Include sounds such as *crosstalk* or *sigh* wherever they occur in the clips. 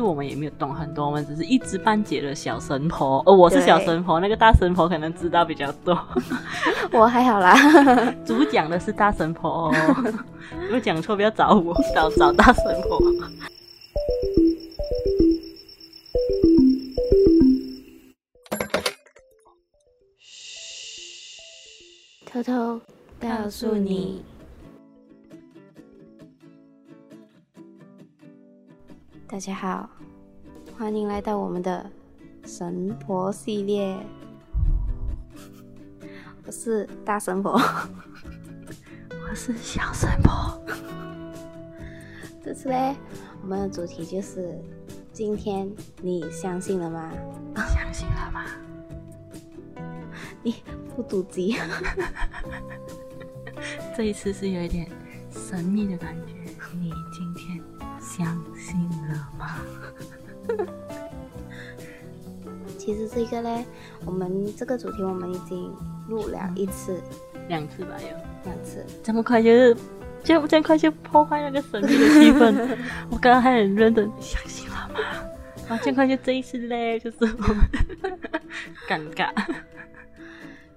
是我們也沒有懂很多，我們只是一知半解的小神婆。哦，我是小神婆，對那個大神婆可能知道比較多。 *laughs* 我還好啦， *laughs* 主講的是大神婆哦，如果講錯不要找我，找找大神婆。噓，偷偷告訴你。大家好，歡迎來到我們的神婆系列。我是大神婆， *laughs* 我是小神婆。這次呢，我們的主題就是：今天你相信了嗎？相信了嗎？ *laughs* 你不賭氣？ *laughs* 這一次是有一點神秘的感覺。你。其實這個嘞，我們這個主題我們已經錄了一次，兩次吧有，兩次，這麼快就就這麼快就破壞那個神秘的氣氛， *laughs* 我剛剛還很認真相信了嗎？啊，媽 *laughs* 啊，這麼快就這一次嘞，就是我們 *laughs* *laughs* 尷尬，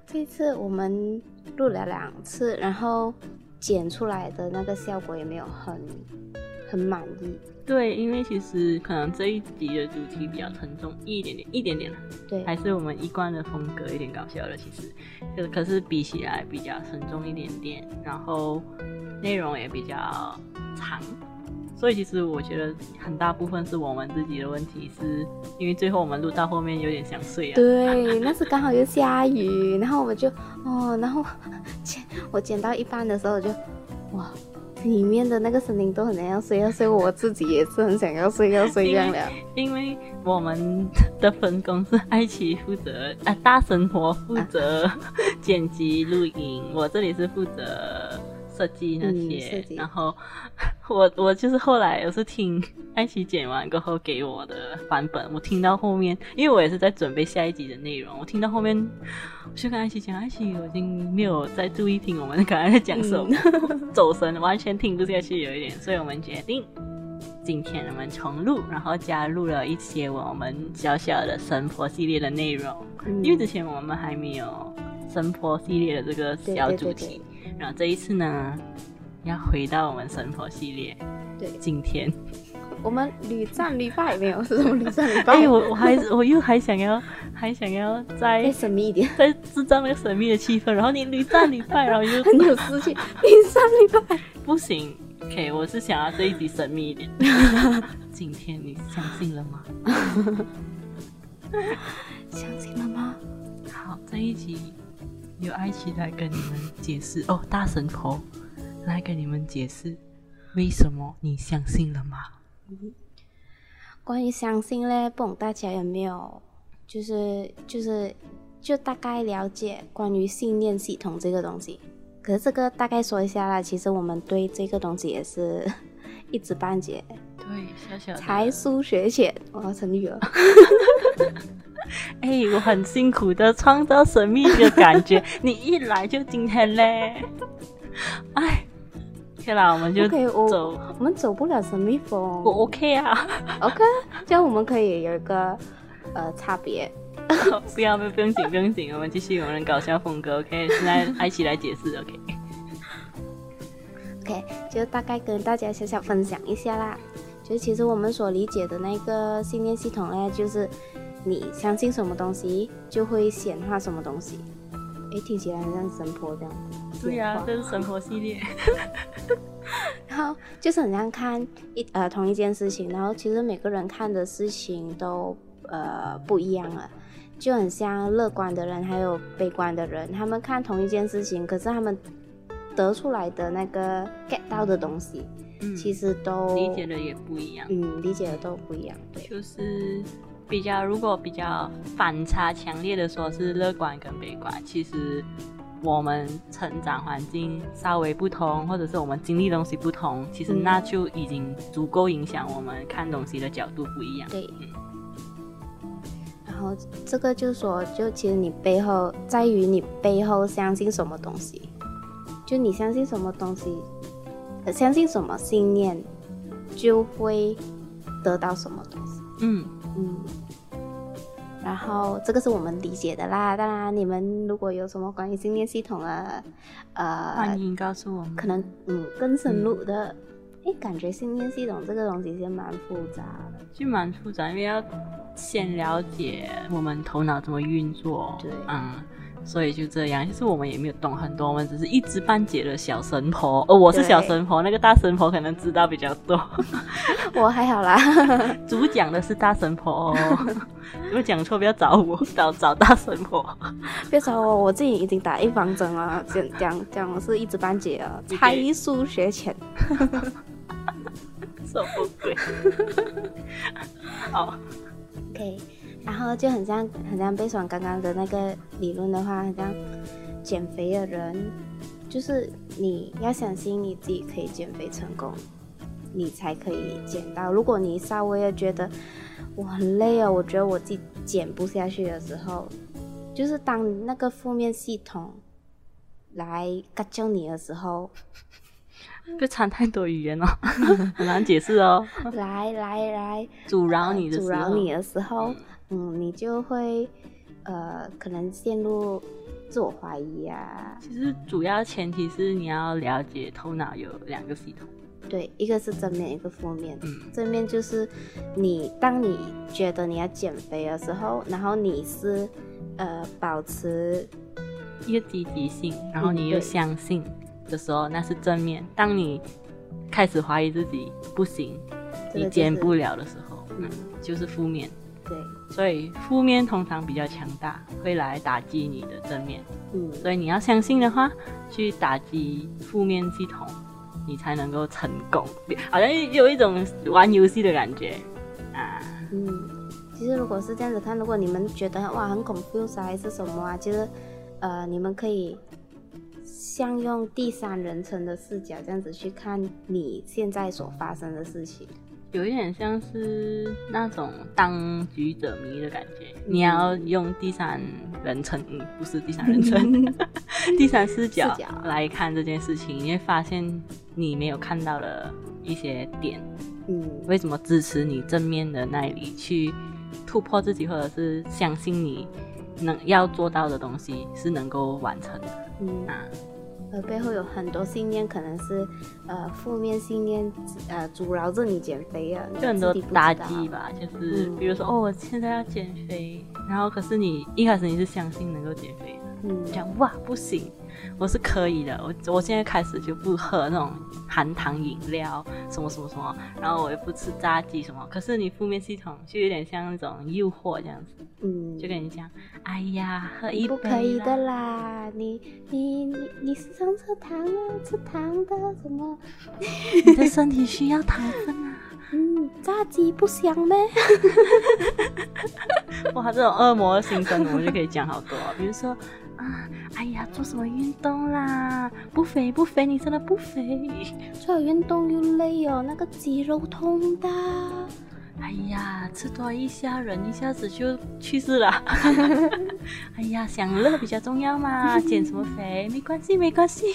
這次我們錄了兩次，然後剪出來的那個效果也沒有很。很滿意。對，因為其實可能這一集的主題比較沉重一點點，一點點，對，還是我們一貫的風格，有點搞笑的其實可，可是比起來比較沉重一點點，然後內容也比較長，所以其實我覺得很大部分是我們自己的問題是，是因為最後我們錄到後面有點想睡啊。對，嗯、那是剛好又下雨，嗯、然後我們就哦，然後剪我剪到一半的時候我就哇。裡面的那個森林都很想要睡，要睡。所以我自己也是很想要睡，要睡這樣的。因為我們的分工是：愛奇藝負責啊、呃，大神婆負責、啊、剪輯錄音，我這裡是負責。設計那些，嗯、然後我我就是後來我是聽愛奇剪完過後給我的版本，我聽到後面，因為我也是在準備下一集的內容，我聽到後面，我就跟愛奇講，愛奇我已經沒有在注意聽我們剛才在講什麼，嗯、 *laughs* 走神，完全聽不下去有一點，所以我們決定今天我們重錄，然後加入了一些我們小小的神婆系列的內容，嗯、因為之前我們還沒有。神婆系列的這個小主題，對對對對，然後這一次呢，要回到我們神婆系列。對，今天我們屢戰屢敗沒有？是什麼屢戰屢敗？哎，我我還我又還想要， *laughs* 還想要再要神秘一點，再制造那個神秘的氣氛。然後你屢戰屢敗，然後又很 *laughs* 有自信。屢戰屢敗不行？可以，我是想要這一集神秘一點。 *laughs* 今天你相信了嗎？相信 *laughs* 了嗎？好，在這一集。有愛琪來跟你們解釋哦，大神婆來跟你們解釋，哦、解釋為什麼你相信了嗎？嗯、關於相信嘞，不懂，大家有沒有就是就是就大概了解關於信念系統這個東西？可是這個大概說一下啦，其實我們對這個東西也是一知半解，對，小小才疏學淺，我要成語了。 *laughs* *laughs* 哎、欸，我很辛苦的創造神秘的感覺， *laughs* 你一來就驚天嘞！哎，好了，我們就走 okay，我。我們走不了神秘風。我 OK 啊，OK。這樣我們可以有一個呃差別 *laughs* oh，不。不要，不不用緊，不用緊。我們繼續我們搞笑風格，OK。現在艾起來解釋，OK。OK，就大概跟大家小小分享一下啦。就其實我們所理解的那個信念系統呢，就是。你相信什麼東西，就會顯化什麼東西。誒，聽起來很像神婆這樣子。對呀、啊，這，這是神婆系列。 *laughs* 然後就是很像看一呃同一件事情，然後其實每個人看的事情都呃不一樣了，就很像樂觀的人還有悲觀的人，他們看同一件事情，可是他們得出來的那個 get 到的東西，嗯、其實都理解的也不一樣。嗯，理解的都不一樣，對。就是。比較，如果比較反差強烈的說，是樂觀跟悲觀。其實我們成長環境稍微不同，或者是我們經歷東西不同，其實那就已經足夠影響我們看東西的角度不一樣。嗯、對。嗯、然後這個就是說，就其實你背後在於你背後相信什麼東西，就你相信什麼東西，相信什麼信念，就會得到什麼東西。嗯嗯。嗯然後這個是我們理解的啦，當然你們如果有什麼關於信念系統的，呃，歡迎告訴我們。可能嗯，更深入的，哎、嗯，感覺信念系統這個東西其實蠻複雜的。就蠻複雜，因為要先了解我們頭腦怎麼運作。對，嗯。所以就這樣，其實我們也沒有懂很多，我們只是一知半解的小神婆。哦，我是小神婆，對那個大神婆可能知道比較多。我還好啦。主講的是大神婆哦，如果 *laughs* 講錯，不要找我，找找大神婆。別找我，我自己已經打預防針了，講講講的是一知半解了，才疏學淺。什麼鬼？好。OK So。 *laughs* 然後就很像，很像悲爽剛剛的那個理論的話，很像減肥的人，就是你要相信你自己可以減肥成功，你才可以減到。如果你稍微覺得我很累哦，我覺得我自己減不下去的時候，就是當那個負面系統來干擾你的時候，別藏太多語言哦，很難解釋哦。來來來，阻撓你的阻撓你的時候。嗯，你就會，呃，可能陷入自我懷疑啊。其實主要前提是你要了解，頭腦有兩個系統。對，一個是正面，一個負面。嗯。正面就是你當你覺得你要減肥的時候，然後你是，呃，保持一個積極性，然後你又相信的時候，嗯、那是正面。當你開始懷疑自己不行，就是、你減不了的時候，嗯，嗯，就是負面。所以負面通常比較強大，會來打擊你的正面。嗯，所以你要相信的話，去打擊負面系統，你才能夠成功。好像有一種玩遊戲的感覺啊。嗯，其實如果是這樣子看，如果你們覺得哇，很恐怖啊，還是什麼啊，就是呃，你們可以像用第三人稱的視角這樣子去看你現在所發生的事情。有一點像是那種當局者迷的感覺。你要用第三人稱，不是第三人稱， *laughs* 第三視角來看這件事情，你會角發現你沒有看到的一些點。嗯，為什麼支持你正面的那裡去突破自己，或者是相信你能要做到的東西是能夠完成的？嗯啊。呃，而背後有很多信念，可能是呃負面信念，呃，阻撓着你減肥啊，就很多打擊吧，就是比如說，嗯、哦，我現在要減肥，然後可是你一開始你是相信能夠減肥的，嗯，講哇不行。我是可以的，我我現在開始就不喝那種含糖飲料，什麼什麼什麼，然後我也不吃炸雞什麼。可是你負面系統就有點像那種誘惑這樣子，嗯，就跟你講，哎呀，喝一杯不可以的啦，你你你你，你是上吃糖啊，吃糖的、啊、什麼，你的身體需要糖分、啊、 *laughs* 嗯，炸雞不香咩， *laughs* 哇，這種惡魔的心聲，我就可以講好多、哦，比如說。啊、哎呀，做什麼運動啦？不肥不肥，你真的不肥。做運動又累哦，那個肌肉痛的。哎呀，吃多一下人一下子就去世了。 *laughs* 哎呀，享樂比較重要嘛，減什麼肥？ *laughs* 沒關係，沒關係。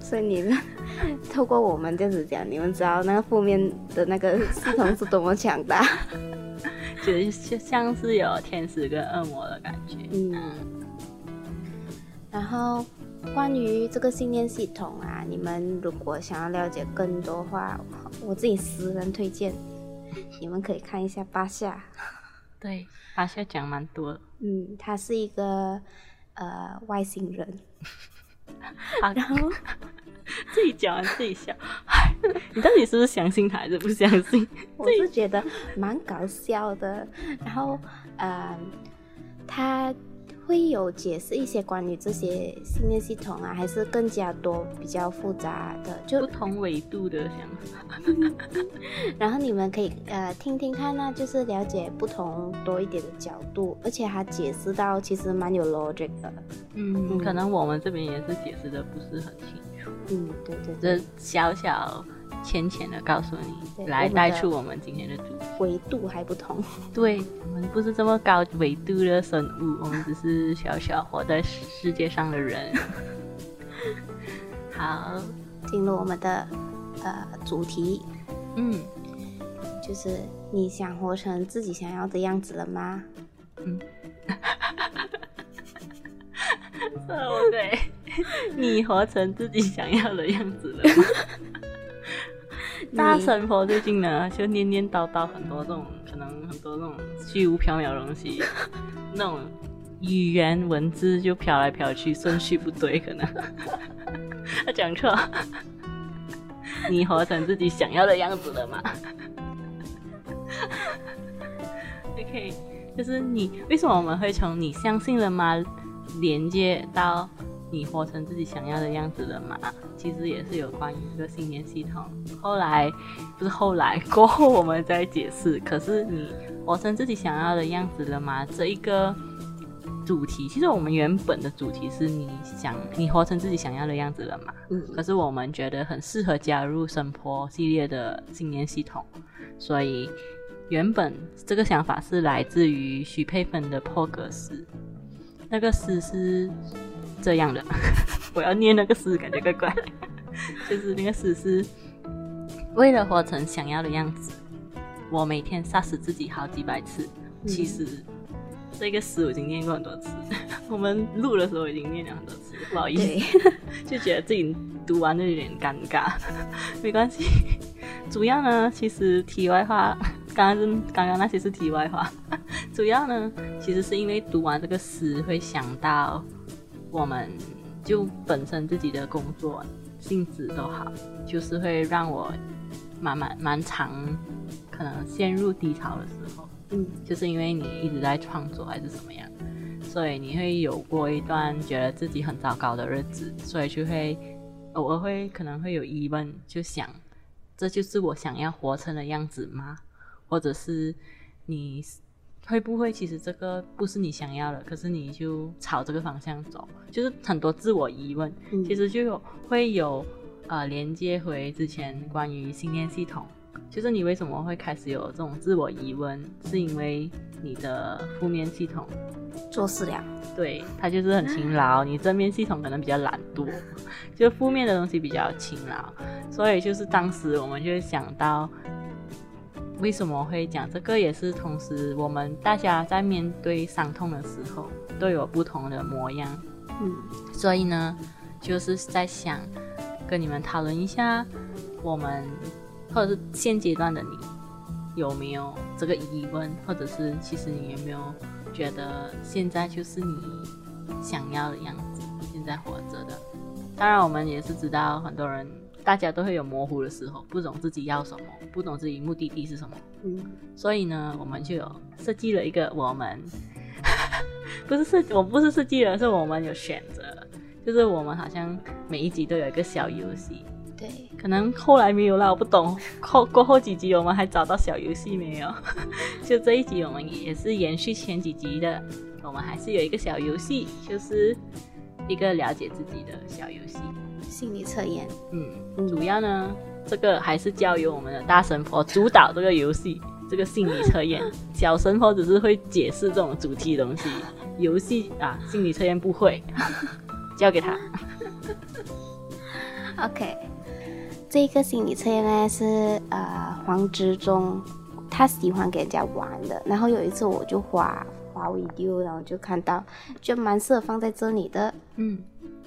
所以你們透過我們這樣子講，你們知道那個負面的那個系統是多麼強大， *laughs* 就是像是有天使跟惡魔的感覺。嗯。然後，關於這個信念系統啊，你們如果想要了解更多的話，我自己私人推薦，你們可以看一下巴夏。對，巴夏講蠻多。嗯，他是一個呃外星人。好，然後自己講完自己笑。你到底是不是相信他還是不相信？我是覺得蠻搞笑的。然後，嗯、呃，他。會有解釋一些關於這些信念系統啊，還是更加多比較複雜的，就不同維度的想法。 *laughs* 然後你們可以呃聽聽看，啊，那就是了解不同多一點的角度，而且他解釋到其實蠻有邏輯的。嗯，嗯可能我們這邊也是解釋得不是很清楚。嗯，對對對，這小小。淺淺的告訴你，對來帶出我們今天的度。維度還不同，對，我們不是這麼高維度的生物，我們只是小小活在世界上的人。好，進入我們的、呃、主題。嗯，就是你想活成自己想要的樣子了嗎？嗯，哈 *laughs* 對，你活成自己想要的樣子了 *laughs* 你大神婆最近呢，就念念叨叨很多這種可能很多那種虛無縹緲的東西，那種語言文字就飄來飄去，順序不對，可能 *laughs* 他講錯。 *laughs* 你活成自己想要的樣子了嗎？OK，就是你為什麼我們會從你相信了嗎連接到你活成自己想要的樣子了嗎？其實也是有關於一個信念系統，後來不是後來，過後我們再解釋。可是你活成自己想要的樣子了嗎？這一個主題，其實我們原本的主題是你想你活成自己想要的樣子了嗎？嗯、可是我們覺得很適合加入神婆系列的信念系統，所以原本這個想法是來自於徐珮芬的破格詩，那、這個詩是。這樣的，我要念那個詩，感覺怪怪。就是那個詩是，為了活成想要的樣子，我每天殺死自己好幾百次。其實這個詩我已經念過很多次，我們錄的時候已經念了很多次，不好意思，對就覺得自己讀完就有點尷尬。沒關係，主要呢，其實題外話，剛剛是剛剛那些是題外話，主要呢，其實是因為讀完這個詩會想到。我們就本身自己的工作性質都好，就是會讓我蠻蠻蠻長可能陷入低潮的時候，嗯，就是因為你一直在創作還是怎麼樣，所以你會有過一段覺得自己很糟糕的日子，所以就會偶爾會可能會有疑問，就想這就是我想要活成的樣子嗎？或者是你？會不會其實這個不是你想要的？可是你就朝這個方向走，就是很多自我疑問。嗯、其實就有會有呃連接回之前關於信念系統。就是你為什麼會開始有這種自我疑問？是因為你的負面系統做事了，對他就是很勤勞。你正面系統可能比較懶惰，就負面的東西比較勤勞。所以就是當時我們就想到。為什麼會講這個？也是同時，我們大家在面對傷痛的時候，都有不同的模樣。嗯，所以呢，就是在想，跟你們討論一下，我們或者是現階段的你，有沒有這個疑問？或者是其實你有沒有覺得現在就是你想要的樣子？現在活着的，當然我們也是知道很多人。大家都會有模糊的時候，不懂自己要什麼，不懂自己目的地是什麼。嗯，所以呢，我們就有設計了一個，我們 *laughs* 不是設，我不是設計人，是我們有選擇，就是我們好像每一集都有一個小遊戲。對，可能後來沒有了，我不懂後過，過後幾集我們還找到小遊戲沒有？ *laughs* 就這一集我們也是延續前幾集的，我們還是有一個小遊戲，就是一個了解自己的小遊戲。心理測驗，嗯，主要呢，這個還是交由我們的大神婆主導這個遊戲， *laughs* 這個心理測驗，小神婆只是會解釋這種主題的東西，遊戲啊，心理測驗不會， *laughs* 交給他。OK，這一個心理測驗呢是呃黃執中，他喜歡給人家玩的，然後有一次我就滑滑我一丟，然後就看到，就蠻適合放在這裡的，嗯。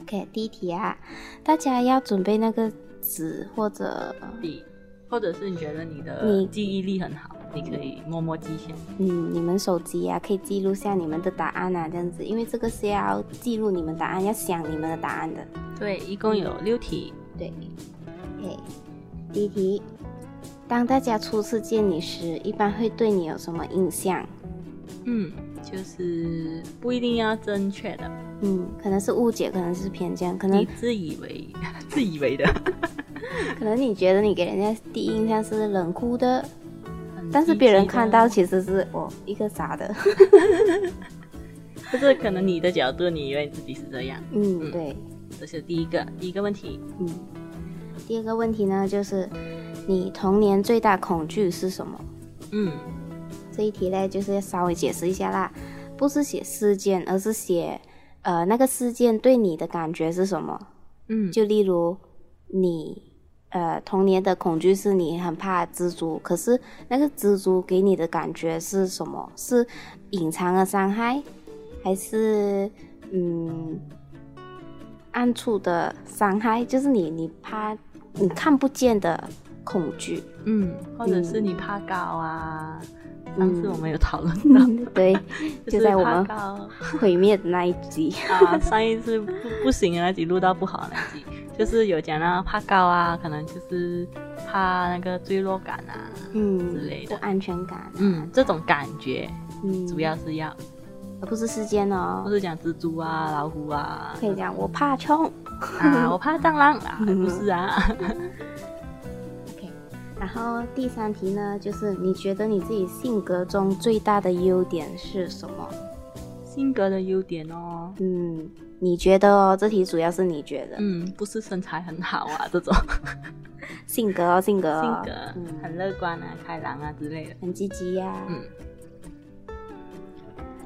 OK，第一題啊，大家要準備那個紙或者筆，或者是你覺得你的你記憶力很好，你，你可以默默記下。嗯，你們手機啊，可以記錄下你們的答案啊，這樣子，因為這個是要記錄你們答案，要想你們的答案的。對，一共有六題。嗯、對，o、okay, 第一題，當大家初次見你時，一般會對你有什麼印象？嗯。就是不一定要正確的，嗯，可能是誤解，可能是偏見，可能你自以為自以為的， *laughs* 可能你覺得你給人家第一印象是冷酷的，的但是別人看到其實是我、哦、一個傻的，就 *laughs* *laughs* 是可能你的角度，你以為你自己是這樣，嗯，對，這是第一個第一個問題，嗯，第二個問題呢，就是你童年最大恐懼是什麼？嗯。這一題嘞，就是要稍微解釋一下啦，不是寫事件，而是寫，呃，那個事件對你的感覺是什麼？嗯，就例如你，呃，童年的恐懼是你很怕蜘蛛，可是那個蜘蛛給你的感覺是什麼？是隱藏的傷害，還是嗯，暗處的傷害？就是你，你怕你看不見的恐懼，嗯，或者是你怕高啊。嗯上次我們有討論到、嗯，對， *laughs* 就，怕就在我們毀滅的那一集 *laughs* 啊，上一次不不行啊，那集錄到不好那集，就是有講到怕高啊，可能就是怕那個墜落感啊，嗯之類的，不安全感、啊，嗯，這種感覺，嗯，主要是要，嗯、而不是時間哦，不是講蜘蛛啊、老虎啊，可以講我怕蟲 *laughs* 啊，我怕蟑螂啊，不是啊。 *laughs* 然後第三題呢，就是你覺得你自己性格中最大的優點是什麼？性格的優點哦，嗯，你覺得哦，這題主要是你覺得，嗯，不是身材很好啊這種，性格哦，性格哦，性格，嗯，很樂觀啊，開朗啊之類的，很積極呀，嗯。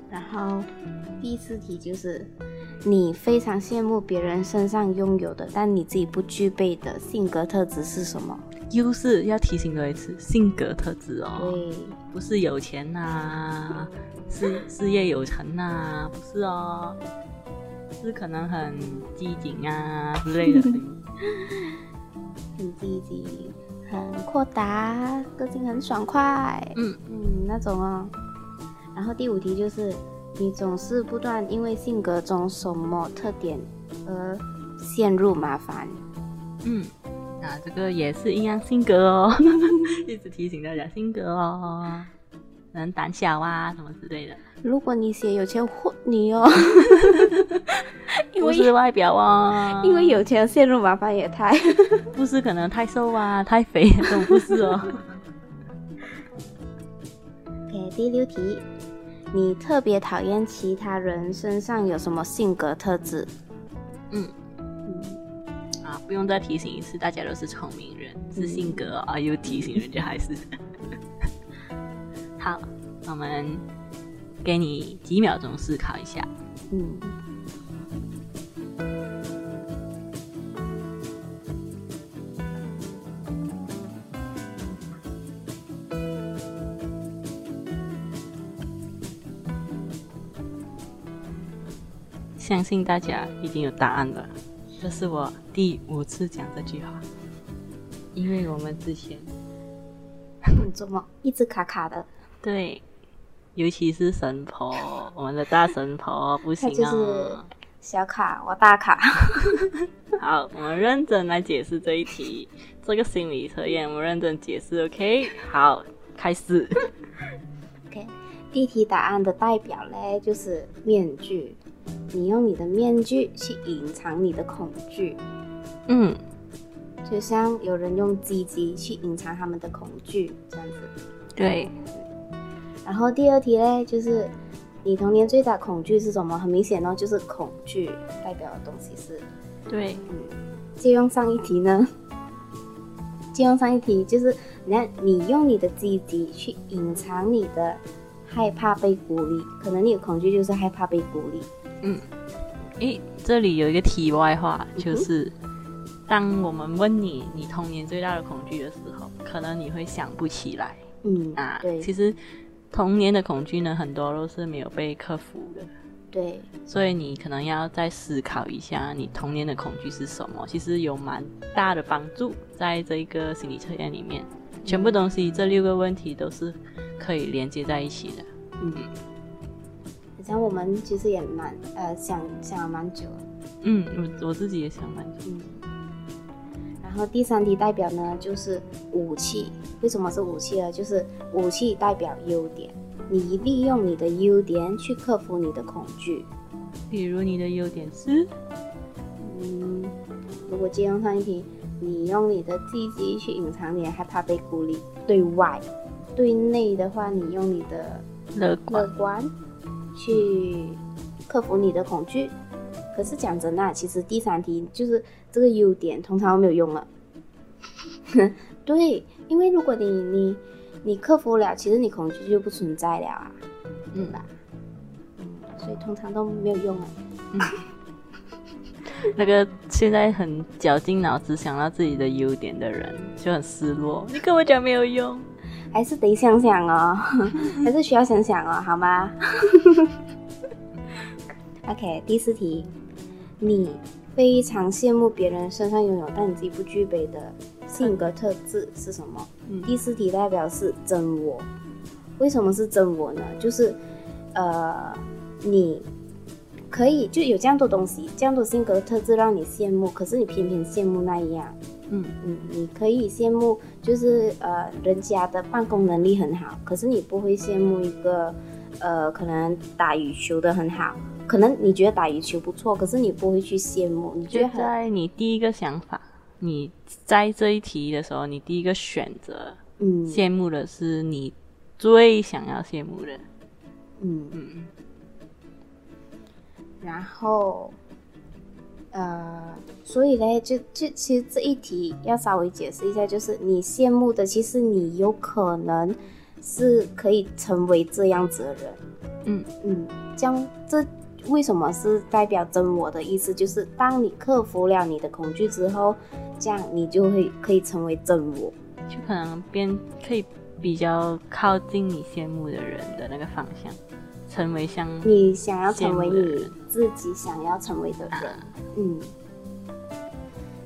然後第四題就是，你非常羨慕別人身上擁有的，但你自己不具備的性格特質是什麼？優勢要提醒各位一次，性格特質哦，對不是有錢吶、啊， *laughs* 是事業有成吶、啊，不是哦，是可能很機警啊 *laughs* 之類的，很積極，很豁達，個性很爽快，嗯嗯那種哦。然後第五題就是，你總是不斷因為性格中什麼特點而陷入麻煩，嗯。那、啊、這個也是陰陽性格哦， *laughs* 一直提醒大家性格哦，能膽小啊，什麼之類的。如果你寫有錢混， *laughs* 你哦，不是 *laughs* 外表哦因，因為有錢陷入麻煩也太不是， *laughs* 可能太瘦啊，太肥這種不是哦。給、Okay, 第六題，你特別討厭其他人身上有什麼性格特質？嗯。啊，不用再提醒一次，大家都是聰明人，自信哥啊，又提醒人家還是 *laughs* 好。我們給你幾秒鐘思考一下，嗯，相信大家已經有答案了。這是我第五次講這句話，因為我們之前……你做夢一直卡卡的，對，尤其是神婆，我們的大神婆不行啊、哦。就是小卡，我大卡。 *laughs* 好，我們認真來解釋這一題，這個心理測驗，我們認真解釋。OK，好，開始。OK，第一題答案的代表呢，就是面具。你用你的面具去隱藏你的恐懼，嗯，就像有人用積極去隱藏他們的恐懼這樣子，對，對。然後第二題嘞，就是你童年最大恐懼是什麼？很明顯哦，就是恐懼代表的東西是，對，嗯，借用上一題呢，借用上一題就是，你看你用你的積極去隱藏你的害怕被孤立，可能你的恐懼就是害怕被孤立。嗯，誒，這裡有一個題外話，就是當我們問你，你童年最大的恐懼的時候，可能你會想不起來。嗯啊，那，對，其實童年的恐懼呢，很多都是沒有被克服的。對，所以你可能要再思考一下你童年的恐懼是什麼，其實有蠻大的幫助，在這一個心理測驗裡面，全部東西這六個問題都是可以連接在一起的。嗯。嗯想我們其實也蠻呃想想蠻久了。嗯，我我自己也想蠻久。嗯。然後第三題代表呢就是武器，為什麼是武器呢？就是武器代表優點，你利用你的優點去克服你的恐懼。比如你的優點是，嗯，如果借用上一題，你用你的積極去隱藏你害怕被孤立；對外、對內的話，你用你的樂觀。樂觀去克服你的恐懼，可是講真的，其實第三題就是這個優點通常都沒有用了。 *laughs* 對，因為如果你你你克服了，其實你恐懼就不存在了啊，嗯吧、嗯，所以通常都沒有用了。嗯， *laughs* 那個現在很絞盡腦汁想到自己的優點的人就很失落。你跟我講沒有用。還是得想想哦，還是需要想想哦，好嗎 *laughs* ？OK，第四題，你非常羨慕別人身上擁有但你自己不具備的性格特質是什麼？嗯，第四題代表是真我。嗯，為什麼是真我呢？就是呃，你可以就有這樣多東西，這樣多性格特質讓你羨慕，可是你偏偏羨慕那一樣。嗯嗯，你可以羨慕，就是呃，人家的辦公能力很好，可是你不會羨慕一個，呃，可能打羽球的很好，可能你覺得打羽球不錯，可是你不會去羨慕。你覺得在你第一個想法，你在這一題的時候，你第一個選擇，羨慕的是你最想要羨慕的。嗯嗯，嗯然後。呃，uh, 所以呢，就就其實這一題要稍微解釋一下，就是你羨慕的，其實你有可能是可以成為這樣子的人。嗯嗯，將、嗯，這為什麼是代表真我的意思，就是當你克服了你的恐懼之後，這樣你就會可以成為真我，就可能變可以比較靠近你羨慕的人的那個方向。成為像你想要成為你自己想要成為的人，嗯，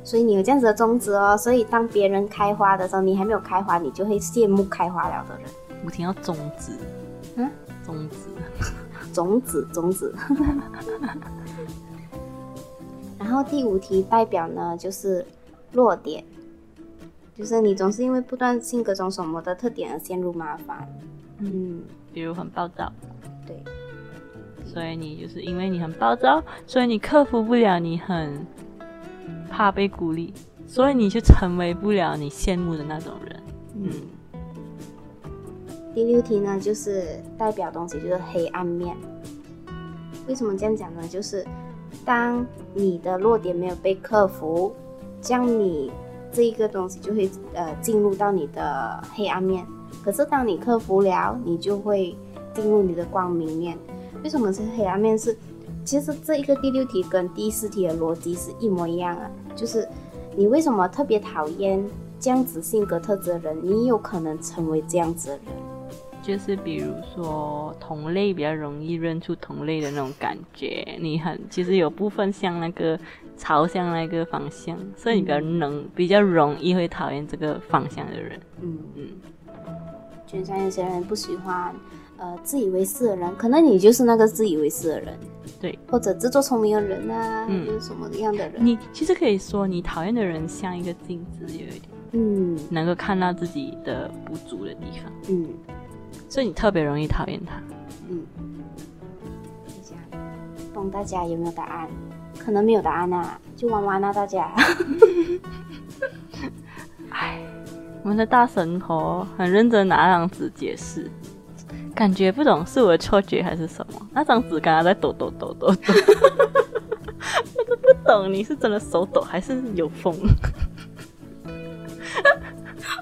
所以你有這樣子的種子哦。所以當別人開花的時候，你還沒有開花，你就會羨慕開花了的人。我聽到種子，種子嗯，種子，種子， *laughs* 種子， *laughs* 然後第五題代表呢就是弱點，就是你總是因為不斷性格中什麼的特點而陷入麻煩，嗯，比如很暴躁。所以你就是因為你很暴躁，所以你克服不了，你很怕被鼓勵，所以你就成為不了你羨慕的那種人。嗯。第六題呢，就是代表東西就是黑暗面。為什麼這樣講呢？就是當你的弱點沒有被克服，這樣你這一個東西就會呃進入到你的黑暗面。可是當你克服了，你就會。進入你的光明面，為什麼是黑暗面？是，其實這一個第六題跟第四題的邏輯是一模一樣啊，就是你為什麼特別討厭這樣子性格特質的人？你有可能成為這樣子的人，就是比如說同類比較容易認出同類的那種感覺，你很其實有部分像那個朝向那個方向，所以你比較能、嗯、比較容易會討厭這個方向的人。嗯嗯，就像有些人不喜歡。呃，自以為是的人，可能你就是那個自以為是的人，對，或者自作聰明的人啊，嗯，是什麼樣的人？你其實可以說，你討厭的人像一個鏡子，有一點，嗯，能夠看到自己的不足的地方，嗯，所以你特別容易討厭他，嗯。大家，幫大家有沒有答案？可能沒有答案吶、啊，就玩玩了、啊，大家。哎 *laughs* 我們的大神婆很認真拿張紙解釋。感覺不懂，是我的錯覺還是什麼？那張紙剛才在抖抖抖抖抖，抖抖抖 *laughs* 我都不懂，你是真的手抖還是有風？ *laughs*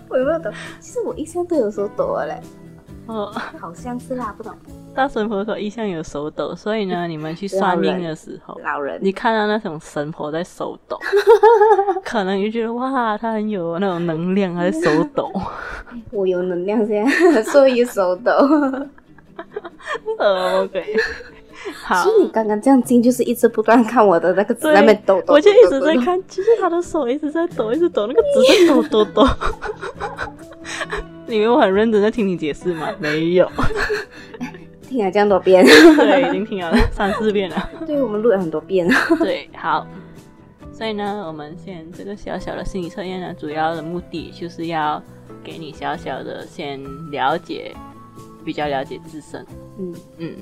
我有沒有懂。其實我一向都有手抖嘞。哦，oh, 好像是啦，不懂。大神婆說一向有手抖，所以呢，你們去算命的時候，老人，老人你看到那種神婆在手抖， *laughs* 可能你就覺得哇，他很有那種能量，還手抖。 *laughs* 我有能量，先所以手抖。 *laughs* OK，好。其實你剛剛這樣聽，就是一直不斷看我的那個字在抖。我就一直在看，其、就、實、是、他的手一直在抖，一直抖，那個字在抖抖 *laughs* 抖。抖 *laughs* 你以為我很認真在聽你解釋嗎？沒有。欸、聽了，這樣多遍。對，已經聽了，三四遍了。 *laughs* 對，我們錄了很多遍了。對，好。所以呢，我們現在這個小小的心理測驗呢，主要的目的就是要。給你小小的先了解，比較了解自身。嗯嗯，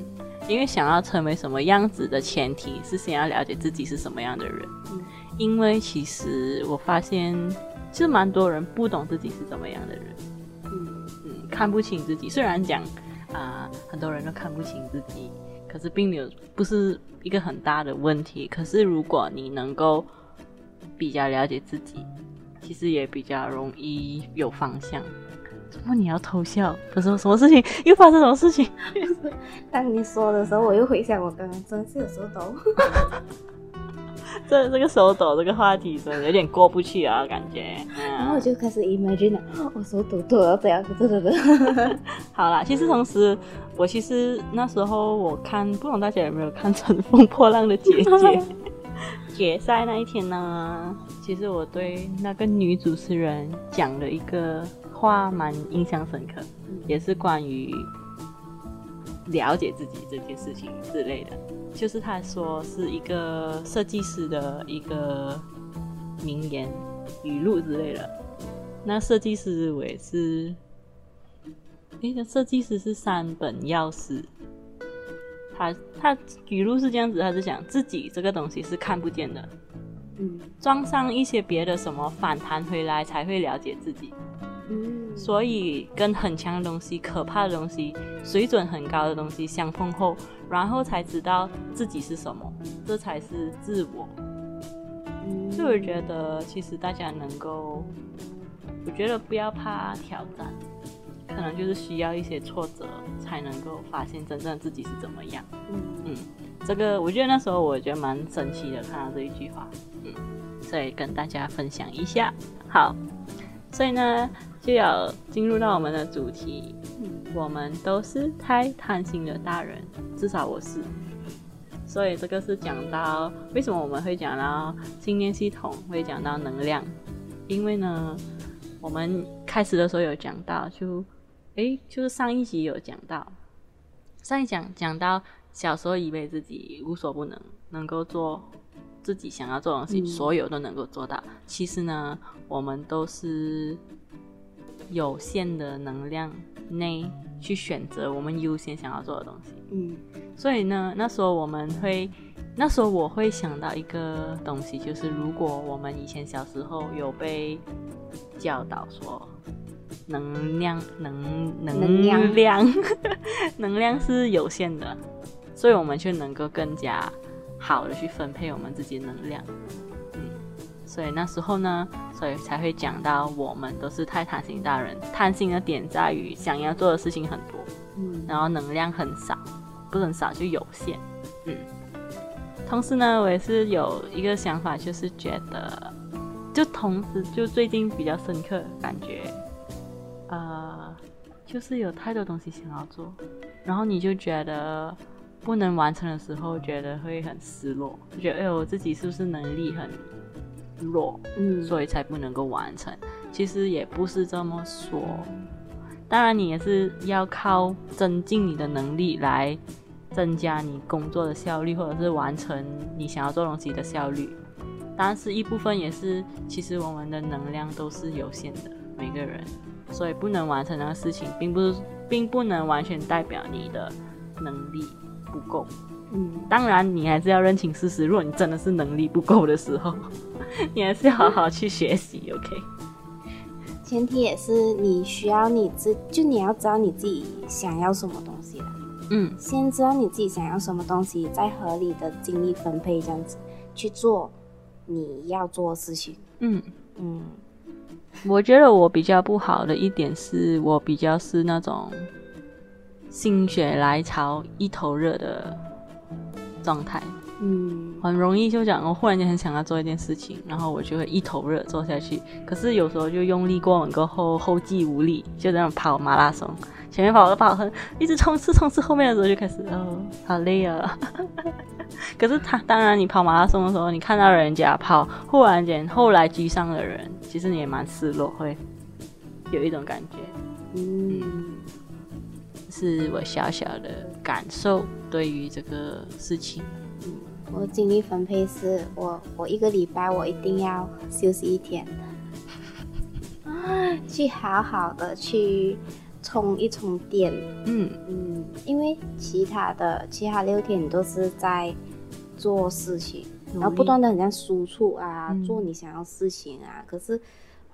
因為想要成為什麼樣子的前提是先要了解自己是什麼樣的人。嗯，因為其實我發現，其實蠻多人不懂自己是怎麼樣的人。嗯嗯，看不清自己。雖然講啊，呃，很多人都看不清自己，可是，並沒有不是一個很大的問題。可是如果你能夠比較了解自己。其實也比較容易有方向。不過你要偷笑，不是什麼事情又發生什麼事情？當 *laughs* 你說的時候，我又回想我剛剛真是有手抖。這 *laughs* 這個手抖這個話題真的有點過不去啊，感覺。然後我就開始 imagine 我手抖抖，怎樣怎樣怎樣。好啦，其實同時，我其實那時候我看，不知道大家有沒有看《乘風破浪的姐姐》。 *laughs* 決賽那一天呢，其實我對那個女主持人講了一個話，蠻印象深刻，嗯、也是關於了解自己這件事情之類的。就是她說是一個設計師的一個名言語錄之類的。那設計師我也是，哎，那個設計師是三本鑰匙。他他語錄是這樣子，他是想自己這個東西是看不見的，嗯，撞上一些別的什麼反彈回來才會了解自己，嗯，所以跟很強的東西、可怕的東西、水準很高的東西相碰後，然後才知道自己是什麼，這才是自我。所以、嗯、我覺得，其實大家能夠，我覺得不要怕挑戰。可能就是需要一些挫折，才能夠發現真正自己是怎麼樣。嗯嗯，這個我覺得那時候我覺得蠻神奇的，看到這一句話，嗯，所以跟大家分享一下。好，所以呢，就要進入到我們的主題。嗯，我們都是太貪心的大人，至少我是。所以這個是講到為什麼我們會講到信念系統，會講到能量，因為呢，我們開始的時候有講到就。誒，就是上一集有講到，上一講講到小時候以為自己無所不能，能夠做自己想要做的東西，嗯、所有都能夠做到。其實呢，我們都是有限的能量內去選擇我們優先想要做的東西。嗯，所以呢，那時候我們會，那時候我會想到一個東西，就是如果我們以前小時候有被教導說。能量，能能，能量，能量， *laughs* 能量是有限的，所以我們就能夠更加好的去分配我們自己能量。嗯，所以那時候呢，所以才會講到我們都是太貪心大人。貪心的點在於想要做的事情很多，嗯，然後能量很少，不能少就有限，嗯。同時呢，我也是有一個想法，就是覺得，就同時就最近比較深刻的感覺。呃，就是有太多東西想要做，然後你就覺得不能完成的時候，覺得會很失落，就覺得哎，我自己是不是能力很弱，嗯，所以才不能夠完成？其實也不是這麼說，當然你也是要靠增進你的能力來增加你工作的效率，或者是完成你想要做東西的效率。但是一部分也是，其實我們的能量都是有限的，每個人。所以不能完成那個事情，並不是並不能完全代表你的能力不夠。嗯，當然你還是要認清事實。如果你真的是能力不夠的時候， *laughs* 你還是要好好去學習。嗯、OK，前提也是你需要你知，就你要知道你自己想要什麼東西了。嗯，先知道你自己想要什麼東西，再合理的精力分配這樣子去做你要做的事情。嗯嗯。嗯我覺得我比較不好的一點是，我比較是那種心血來潮、一頭熱的狀態。嗯，很容易就講，我忽然間很想要做一件事情，然後我就會一頭熱做下去。可是有時候就用力過猛，過後後繼無力，就這樣跑馬拉松，前面跑都跑很，一直衝刺衝刺，刺後面的時候就開始哦，好累啊、哦。 *laughs* 可是他當然，你跑馬拉松的時候，你看到人家跑，忽然間後來居上的人，其實你也蠻失落，會有一種感覺。嗯，嗯是我小小的感受對於這個事情。嗯。我精力分配是我，我一個禮拜我一定要休息一天， *laughs* 去好好的去充一充電。嗯嗯，因為其他的其他六天你都是在做事情，力然後不斷的很像輸出啊，嗯、做你想要事情啊，可是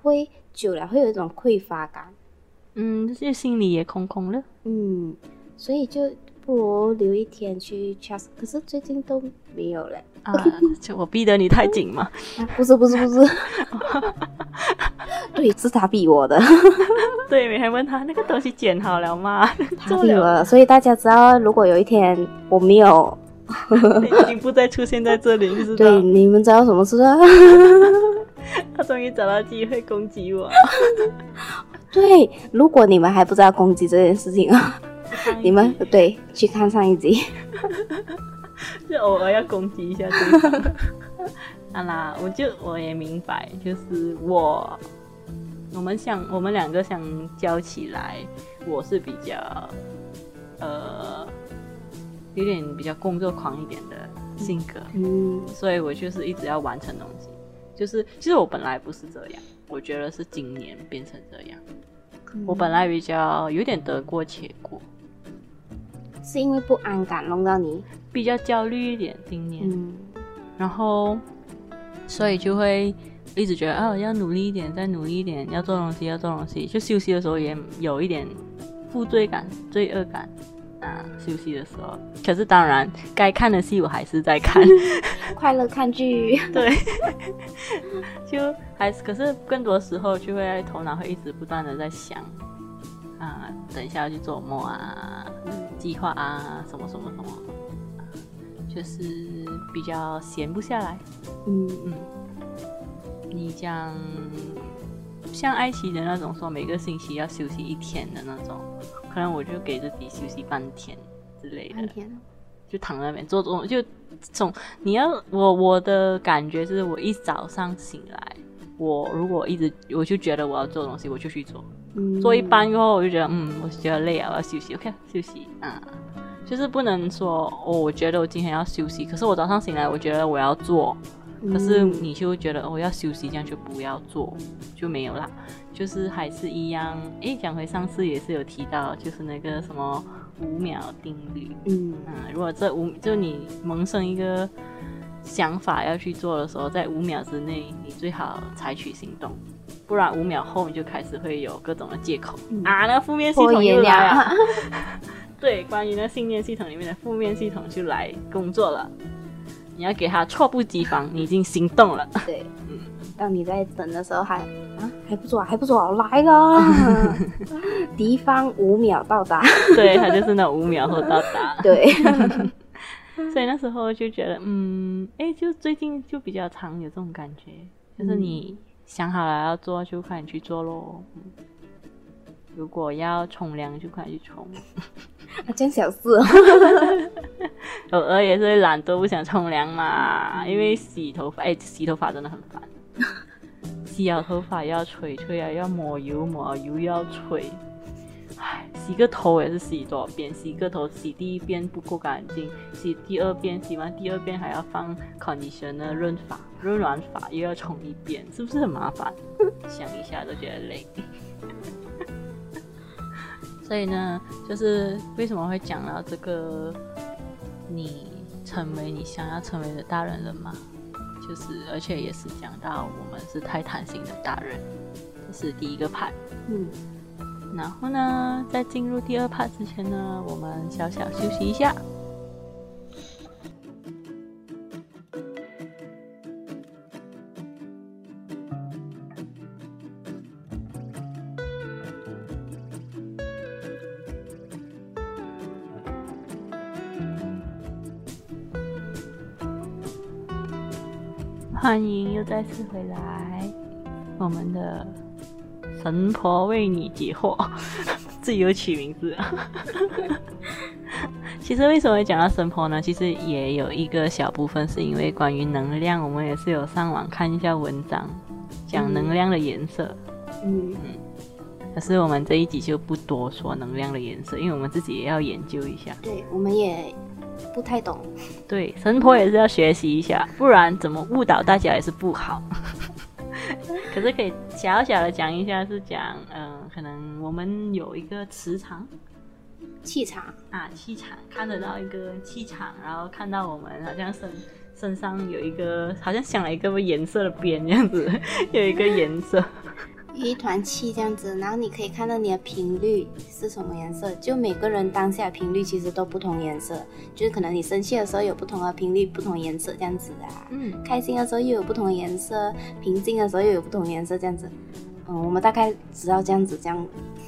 會久了會有一種匱乏感。嗯，就心裡也空空了。嗯，所以就不如留一天去 charge，可是最近都。沒有嘞啊！就我逼得你太緊嘛、啊？不是不是不是， *laughs* 對，是他逼我的。對，你還問他那個東西剪好了嗎？好了他。所以大家知道，如果有一天我沒有， *laughs* 你已經不再出現在這裡，是吧？對，你們知道什麼事啊 *laughs* 他終於找到機會攻擊我。 *laughs* 對，如果你們還不知道攻擊這件事情啊，不你們對去看上一集。 *laughs* *laughs* 就偶爾要攻擊一下自己。好 *laughs* 啦，我就我也明白，就是我，我們想我們兩個相較起來，我是比較呃有點比較工作狂一點的性格，嗯，所以我就是一直要完成東西，就是其實、就是、我本來不是這樣，我覺得是今年變成這樣。嗯、我本來比較有點得過且過，是因為不安感弄到你。比較焦慮一點，今年，嗯、然後，所以就會一直覺得啊、哦，要努力一點，再努力一點，要做東西，要做東西。就休息的時候也有一點負罪感、罪惡感啊、呃。休息的時候，可是當然該看的戲我還是在看， *laughs* 快樂看劇，嗯、對， *laughs* 就還是可是更多時候就會在頭腦會一直不斷的在想啊、呃，等一下要去做夢啊，計劃啊，什麼什麼什麼。就是比較閒不下來，嗯嗯。你講像愛奇藝的那種，說每個星期要休息一天的那種，可能我就給自己休息半天之類的。半天，就躺在那邊做做，就從你要我，我的感覺是，我一早上醒來，我如果一直，我就覺得我要做東西，我就去做。做，嗯、一半過後，我就覺得嗯，我覺得累啊，我要休息。OK，休息啊。就是不能說哦，我覺得我今天要休息，可是我早上醒來，我覺得我要做，嗯、可是你就覺得、哦、我要休息，這樣就不要做，就沒有啦。就是還是一樣。哎，講回上次也是有提到，就是那個什麼五秒定律。嗯，那、啊、如果這五，就你萌生一個想法要去做的時候，在五秒之內，你最好採取行動，不然五秒後你就開始會有各種的借口、嗯、啊，那負面系統也來了。 *laughs* 對，關於那信念系統裡面的負面系統就來工作了。你要給他猝不及防，你已經行動了。對，嗯。當你在等的時候，啊還啊，還不錯，還不錯，來了。 *laughs* 敵方五秒到達。對，他就是那五秒後到達。對。 *laughs* 所以那時候就覺得，嗯，哎，就最近就比較常有這種感覺，就是你想好了要做，就快點去做嘍。如果要沖涼，就快去沖。真小事、哦。偶爾 *laughs* 也是懶都不想沖涼嘛。嗯、因為洗頭髮，哎、欸，洗頭髮真的很煩。 *laughs* 洗好頭髮要吹，吹啊要抹油，抹油要吹。哎，洗個頭也是洗多少遍？洗個頭，洗第一遍不夠乾淨，洗第二遍，洗完第二遍還要放 conditioner 呢，潤髮，潤軟髮又要沖一遍，是不是很麻煩？ *laughs* 想一下都覺得累。 *laughs* 所以呢，就是為什麼會講到這個你成為你想要成為的大人了嗎？就是而且也是講到我們是太貪心的大人，這、就是第一個趴。嗯，然後呢，在進入第二趴之前呢，我們小小休息一下。歡迎又再次回來，嗯、我們的神婆為你解惑。 *laughs* 自己有取名字、啊， *laughs* 其實為什麼會講到神婆呢？其實也有一個小部分是因為關於能量，我們也是有上網看一下文章，講能量的顏色。嗯嗯，嗯可是我們這一集就不多說能量的顏色，因為我們自己也要研究一下。對，我們也。不太懂，對，神婆也是要學習一下，不然怎麼誤導大家也是不好。 *laughs* 可是可以小小的講一下，是講，嗯、呃，可能我們有一個磁場，氣場啊，氣場看得到一個氣場，然後看到我們好像身身上有一個好像鑲了一個顏色的邊這樣子，有一個顏色。一團氣這樣子，然後你可以看到你的頻率是什麼顏色。就每個人當下的頻率其實都不同顏色，就是可能你生氣的時候有不同的頻率、不同顏色這樣子啊。嗯，開心的時候又有不同的顏色，平靜的時候又有不同顏色這樣子。嗯，我們大概知道這樣子，這樣，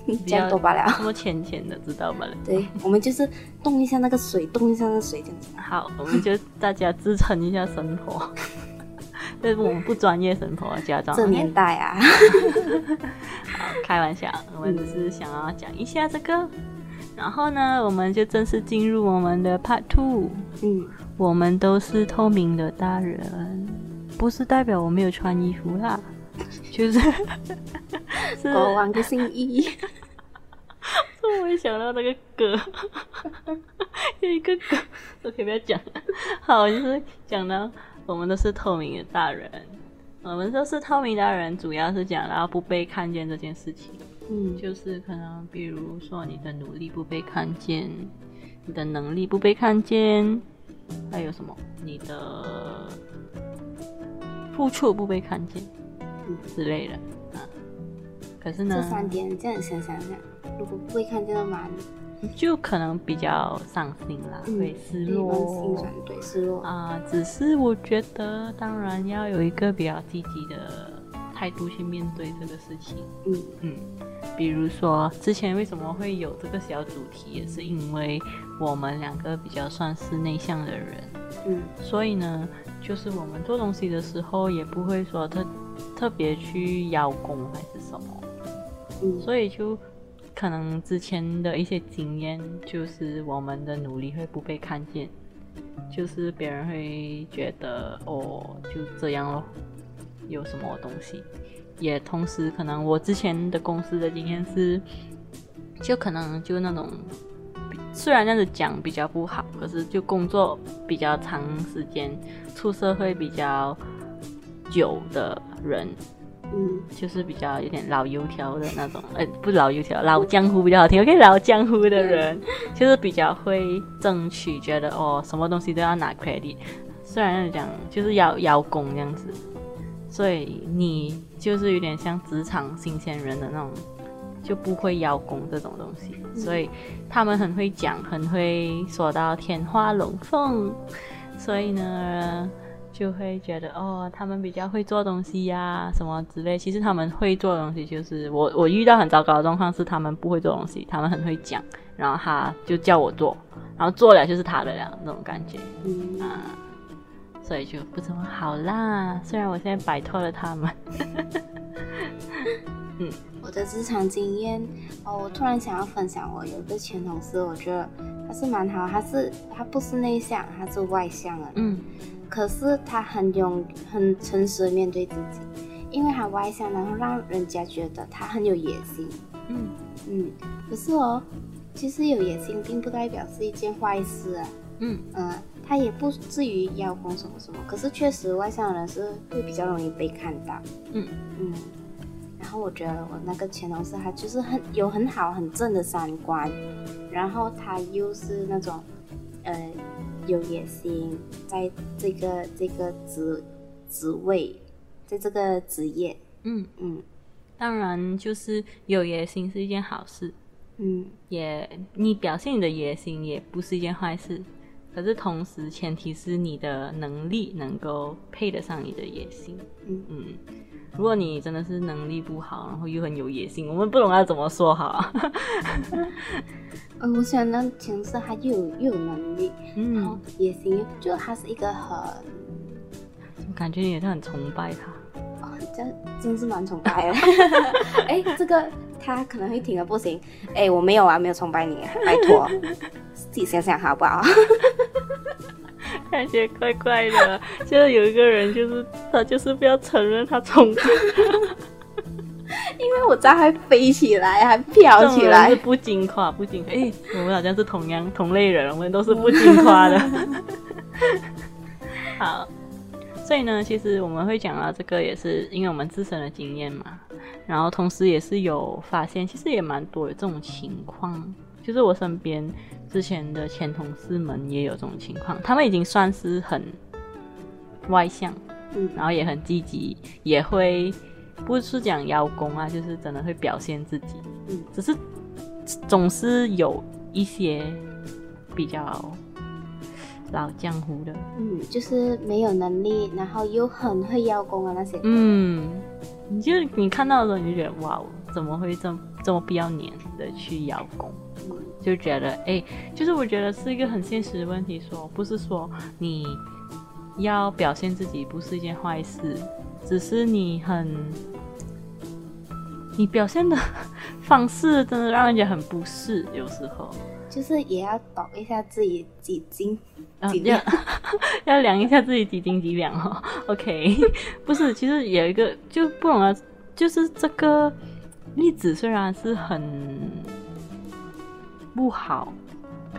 不要 這樣多罷了。這麼淺淺的，知道嗎？對，我們就是動一下那個水，動一下那個水這樣子。好，我們就大家支撐一下生活。 *laughs* 這是我們不專業神婆假、啊、裝、家這年代啊 *laughs* 好，開玩笑，我們只是想要講一下這個。嗯、然後呢，我們就正式進入我們的 Part Two。嗯，我們都是透明的大人，不是代表我沒有穿衣服啦，就是國王的新衣。突然 *laughs* 想到那個歌， *laughs* 有一個歌，OK，不要講，好，就是講到。我們都是透明的大人，我們都是透明大人，主要是講，然後不被看見這件事情。嗯，就是可能比如說你的努力不被看見，你的能力不被看見，還有什麼你的付出不被看見，嗯、之類的。嗯、啊，可是呢，這三點，你這樣想想想，如果不會看見的話。就可能比較傷心啦，嗯、會失落。對，失落啊、呃。只是我覺得，當然要有一個比較積極的態度去面對這個事情。嗯嗯。比如說，之前為什麼會有這個小主題，也是因為我們兩個比較算是內向的人。嗯。所以呢，就是我們做東西的時候，也不會說特、嗯、特別去邀功還是什麼。嗯。所以就。可能之前的一些經驗，就是我們的努力會不被看見，就是別人會覺得哦，就這樣咯、哦，有什麼東西？也同時可能我之前的公司的經驗是，就可能就那種，雖然這樣子講比較不好，可是就工作比較長時間，出社會比較久的人。嗯，就是比較有點老油條的那種，呃不老油條，老江湖比較好聽。OK，老江湖的人就是比較會爭取，覺得哦，什麼東西都要拿 credit，雖然講就是要邀功這樣子。所以你就是有點像職場新鮮人的那種，就不會邀功這種東西。所以他們很會講，很會說到天花龍鳳。所以呢。就會覺得哦，他們比較會做東西呀、啊，什麼之類。其實他們會做的東西，就是我我遇到很糟糕的狀況是，他們不會做東西，他們很會講，然後他就叫我做，然後做了就是他的了那種感覺，嗯那，所以就不怎麼好啦。雖然我現在擺脫了他們， *laughs* *laughs* 嗯，我的職場經驗哦，我突然想要分享、哦，我有一個前同事，我覺得他是蠻好，他是他不是內向，他是外向的，嗯。可是他很勇、很誠實面對自己，因為他外向，然後讓人家覺得他很有野心。嗯嗯，可是哦，其實有野心並不代表是一件壞事，啊。嗯嗯、呃，他也不至於邀功，什麼什麼。可是確實，外向的人是會比較容易被看到。嗯嗯，然後我覺得我那個前同事他就是很有很好很正的三觀，然後他又是那種，呃。有野心，在這個這個職職位，在這個職業，嗯嗯，嗯當然就是有野心是一件好事，嗯，也你表現你的野心也不是一件壞事，可是同時前提是你的能力能夠配得上你的野心，嗯嗯。嗯如果你真的是能力不好，然後又很有野心，我們不懂要怎麼說好、啊。 *laughs* 嗯，我想那前世他又有又有能力，然後野心就他是一個很，我感覺也是很崇拜他。真、哦、真是蠻崇拜的。哎、 *laughs* 欸，這個他可能會挺的不行。哎、欸，我沒有啊，沒有崇拜你，拜託，自己想想好不好？ *laughs* 感覺怪怪的，就是有一個人，就是他就是不要承認他聰明。 *laughs* 因為我在還飛起來，還飄起來，是不經誇不經。哎、欸，我們好像是同樣同類人，我們都是不經誇的。 *laughs* 好，所以呢，其實我們會講到這個，也是因為我們自身的經驗嘛，然後同時也是有發現，其實也蠻多的這種情況，就是我身邊。之前的前同事們也有這種情況，他們已經算是很外向，嗯，然後也很積極，也會不是講邀功啊，就是真的會表現自己，嗯，只是總是有一些比較老江湖的，嗯，就是沒有能力，然後又很會邀功啊那些，嗯，你就你看到的時候你就覺得哇哦，怎麼會這麼這麼不要臉的去邀功？就覺得哎、欸，就是我覺得是一個很現實的問題說，說不是說你要表現自己不是一件壞事，只是你很，你表現的方式真的讓人家很不適，有時候。就是也要懂一下自己幾斤幾兩、啊要呵呵，要量一下自己幾斤幾兩哦。OK，不是，其實有一個就不懂了，就是這個例子雖然是很。不好，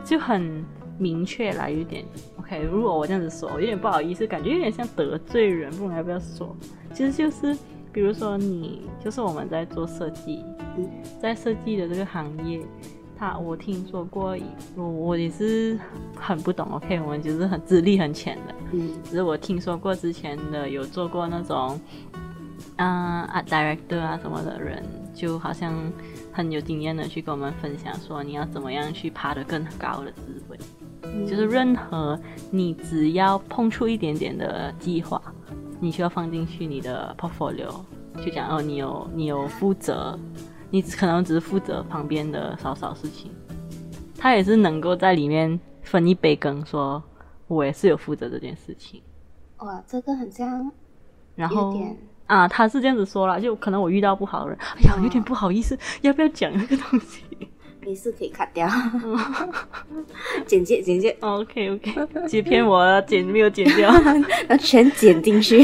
就很明確啦，有點 OK。如果我這樣子說，我有點不好意思，感覺有點像得罪人，不知道要不要說。其實就是，比如說你，就是我們在做設計，在設計的這個行業，他我聽說過，我我也是很不懂 OK，我們就是很資歷很淺的，嗯、只是我聽說過之前的有做過那種，嗯、呃、啊 director 啊什麼的人，就好像。很有經驗的去跟我們分享，說你要怎麼樣去爬得更高的職位，嗯、就是任何你只要碰觸一點點的計劃，你需要放進去你的 portfolio，就講哦，你有你有負責，你可能只是負責旁邊的少少事情，他也是能夠在裡面分一杯羹，說我也是有負責這件事情，哇，這個很像一點，然後。啊，他是這樣子說啦，就可能我遇到不好的人，哎呀，有點不好意思，哦、要不要講那個東西？沒事，可以卡掉。 *laughs* *laughs* 剪接，剪接，OK，OK。截片、okay, okay. 我剪 *laughs* 沒有剪掉，那 *laughs* 全剪進去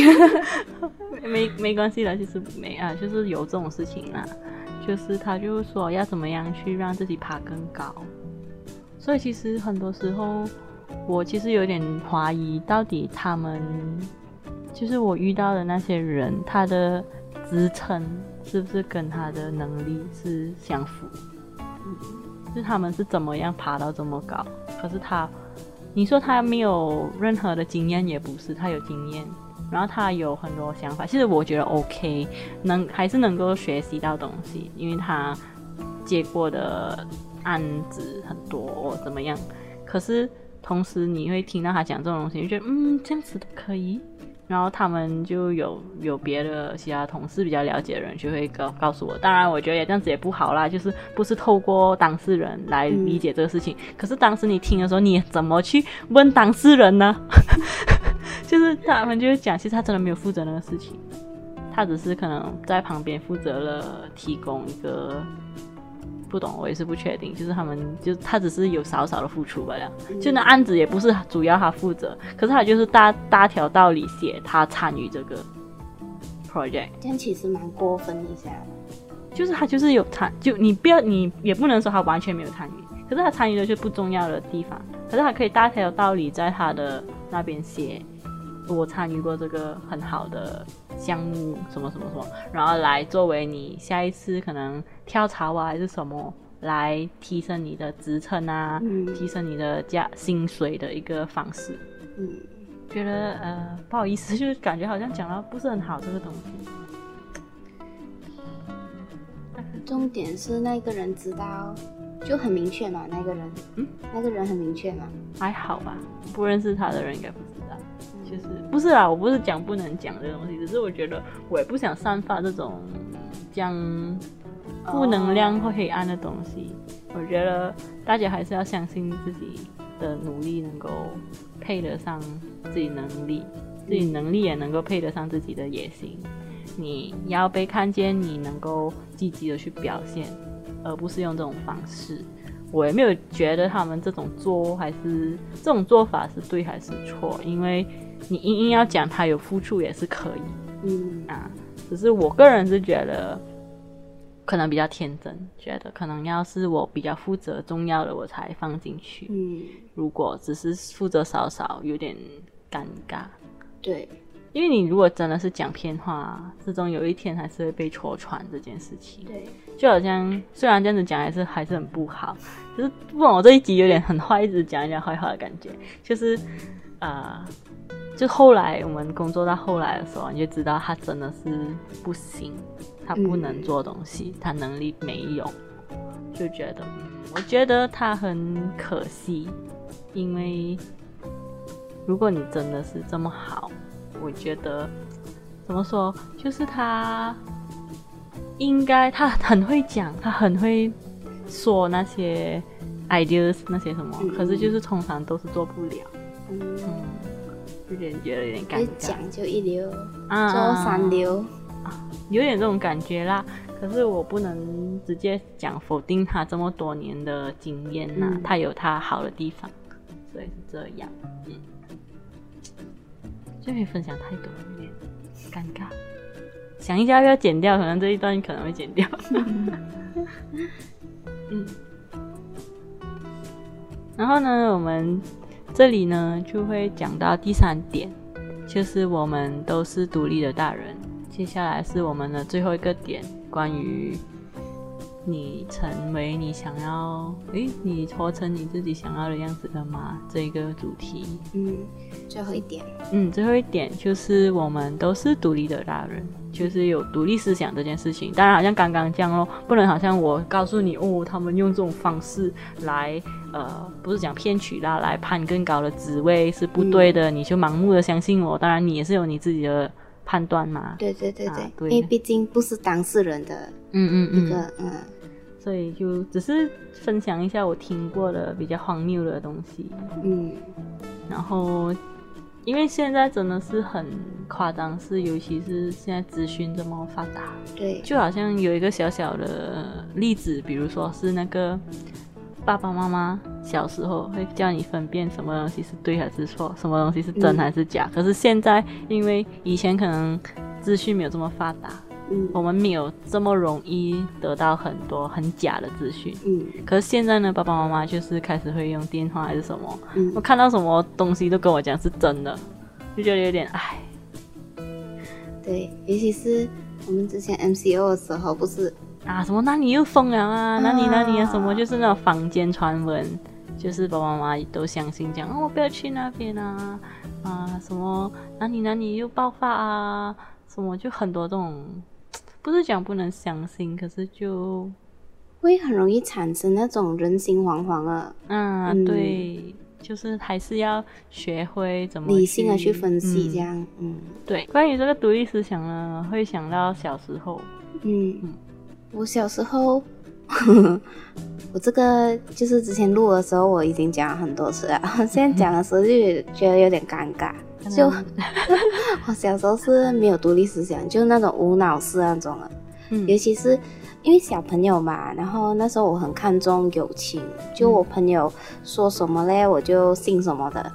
*laughs* 沒。沒沒關係啦，其實沒啊，就是有這種事情啦，就是他就是說要怎麼樣去讓自己爬更高。所以其實很多時候，我其實有點懷疑，到底他們。就是我遇到的那些人，他的職稱是不是跟他的能力是相符？嗯、就是，他們是怎麼樣爬到這麼高？可是他，你說他沒有任何的經驗也不是，他有經驗，然後他有很多想法。其實我覺得 OK，能還是能夠學習到東西，因為他接過的案子很多，怎麼樣？可是同時你會聽到他講這種東西，你就覺得嗯，這樣子都可以。然後他們就有有別的其他同事比較了解的人就會告告訴我，當然我覺得也這樣子也不好啦，就是不是透過當事人來理解這個事情。嗯、可是當時你聽的時候，你怎麼去問當事人呢？ *laughs* 就是他們就是講，其實他真的沒有負責那個事情，他只是可能在旁邊負責了提供一個。不懂，我也是不確定。就是他們，就他只是有少少的付出吧，這樣，嗯。就那案子也不是主要他負責，可是他就是大大條道理寫他參與這個 project，但其實蠻過分一些，啊。就是他就是有參，就你不要你也不能說他完全沒有參與，可是他參與的是不重要的地方，可是他可以大條道理在他的那邊寫。我參與過這個很好的項目，什麼什麼什麼，然後來作為你下一次可能跳槽啊，還是什麼，來提升你的職稱啊，嗯，提升你的加薪水的一個方式。嗯，覺得呃不好意思，就感覺好像講到不是很好這個東西。重點是那個人知道，就很明確嘛，那個人，嗯，那個人很明確嘛，還好吧，不認識他的人應該不知道。就是不是啦，我不是講不能講的東西，只是我覺得，我也不想散發這種講負能量或黑暗的東西。Oh. 我覺得大家還是要相信自己的努力能夠配得上自己能力，嗯、自己能力也能夠配得上自己的野心。你要被看見，你能夠積極地去表現，而不是用這種方式。我也沒有覺得他們這種做還是這種做法是對還是錯，因為。你硬硬要講他有付出也是可以，嗯，啊，只是我個人是覺得，可能比較天真，覺得可能要是我比較負責重要的我才放進去，嗯，如果只是負責少少，有點尷尬，對，因為你如果真的是講偏話，始終有一天還是會被戳穿這件事情，對，就好像雖然這樣子講還是還是很不好，就是不管我這一集有點很壞，一直講一講壞話的感覺，就是啊。呃就後來我們工作到後來的時候，你就知道他真的是不行，他不能做東西，他能力沒有，就覺得我覺得他很可惜，因為如果你真的是這麼好，我覺得怎麼說，就是他應該他很會講，他很會說那些 ideas 那些什麼，可是就是通常都是做不了。嗯有點覺得有點尷尬，講就一流，啊、做三流、啊，有點這種感覺啦。可是我不能直接講否定他這麼多年的經驗吶，他有他好的地方，嗯、所以是這樣。嗯，這邊分享太多有點尷尬。想一下要不要剪掉，可能這一段可能會剪掉。 *laughs* *laughs* 嗯，然後呢，我們。這裡呢就會講到第三點，就是我們都是獨立的大人。接下來是我們的最後一個點，關於你成為你想要，誒，你活成你自己想要的樣子了嗎？這個主題。嗯，最後一點。嗯，最後一點就是我們都是獨立的大人，就是有獨立思想這件事情。當然，好像剛剛講咯，不能好像我告訴你哦，他們用這種方式來。呃，不是講騙取啦，來判更高的職位是不對的，嗯、你就盲目的相信我。當然，你也是有你自己的判斷嘛。對對對對，啊、對因為畢竟不是當事人的，嗯嗯嗯，嗯嗯這個、嗯所以就只是分享一下我聽過的比較荒謬的東西。嗯，然後，因為現在真的是很誇張，是尤其是現在資訊這麼發達，對，就好像有一個小小的例子，比如說是那個。嗯爸爸媽媽小時候會教你分辨什麼東西是對還是錯，什麼東西是真還是假。嗯、可是現在，因為以前可能資訊沒有這麼發達，嗯，我們沒有這麼容易得到很多很假的資訊，嗯。可是現在呢，爸爸媽媽就是開始會用電話還是什麼，我、嗯、看到什麼東西都跟我講是真的，就覺得有點唉。對，尤其是我們之前 MCO 的時候，不是。啊，什麼？哪裡又封了啊？哪裡，哪裡啊？什麼？就是那種坊間傳聞，啊、就是爸爸媽媽都相信這樣，講哦，我不要去那邊啊，啊，什麼？哪裡哪裡又爆發啊？什麼？就很多這種，不是講不能相信，可是就會很容易產生那種人心惶惶的啊。嗯，對，就是還是要學會怎麼理性的去分析，這樣，嗯，嗯，對。關於這個獨立思想呢，會想到小時候，嗯嗯。嗯我小時候呵呵，我這個就是之前錄的時候我已經講了很多次了，我現在講的時候就覺得有點尷尬。就我小時候是沒有獨立思想，就是那種無腦式那種了。嗯，尤其是因為小朋友嘛，然後那時候我很看重友情，就我朋友說什麼嘞，我就信什麼的。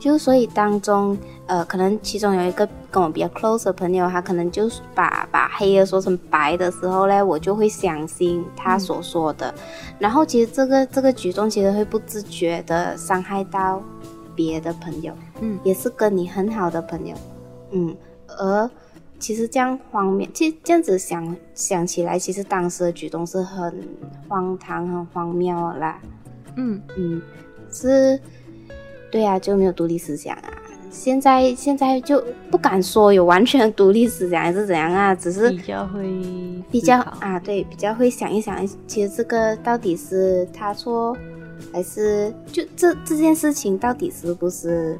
就所以當中，呃，可能其中有一個跟我比較 close 的朋友，他可能就把把黑的說成白的時候呢，我就會相信他所說的。嗯、然後其實這個這個舉動其實會不自覺的傷害到別的朋友，嗯，也是跟你很好的朋友，嗯。而其實這樣荒謬，其實這樣子想想起來，其實當時的舉動是很荒唐、很荒謬的啦。嗯嗯，是。對啊，就沒有獨立思想啊！現在現在就不敢說有完全獨立思想還是怎樣啊，只是比較會比較會啊，對，比較會想一想，其實這個到底是他錯，還是就這這件事情到底是不是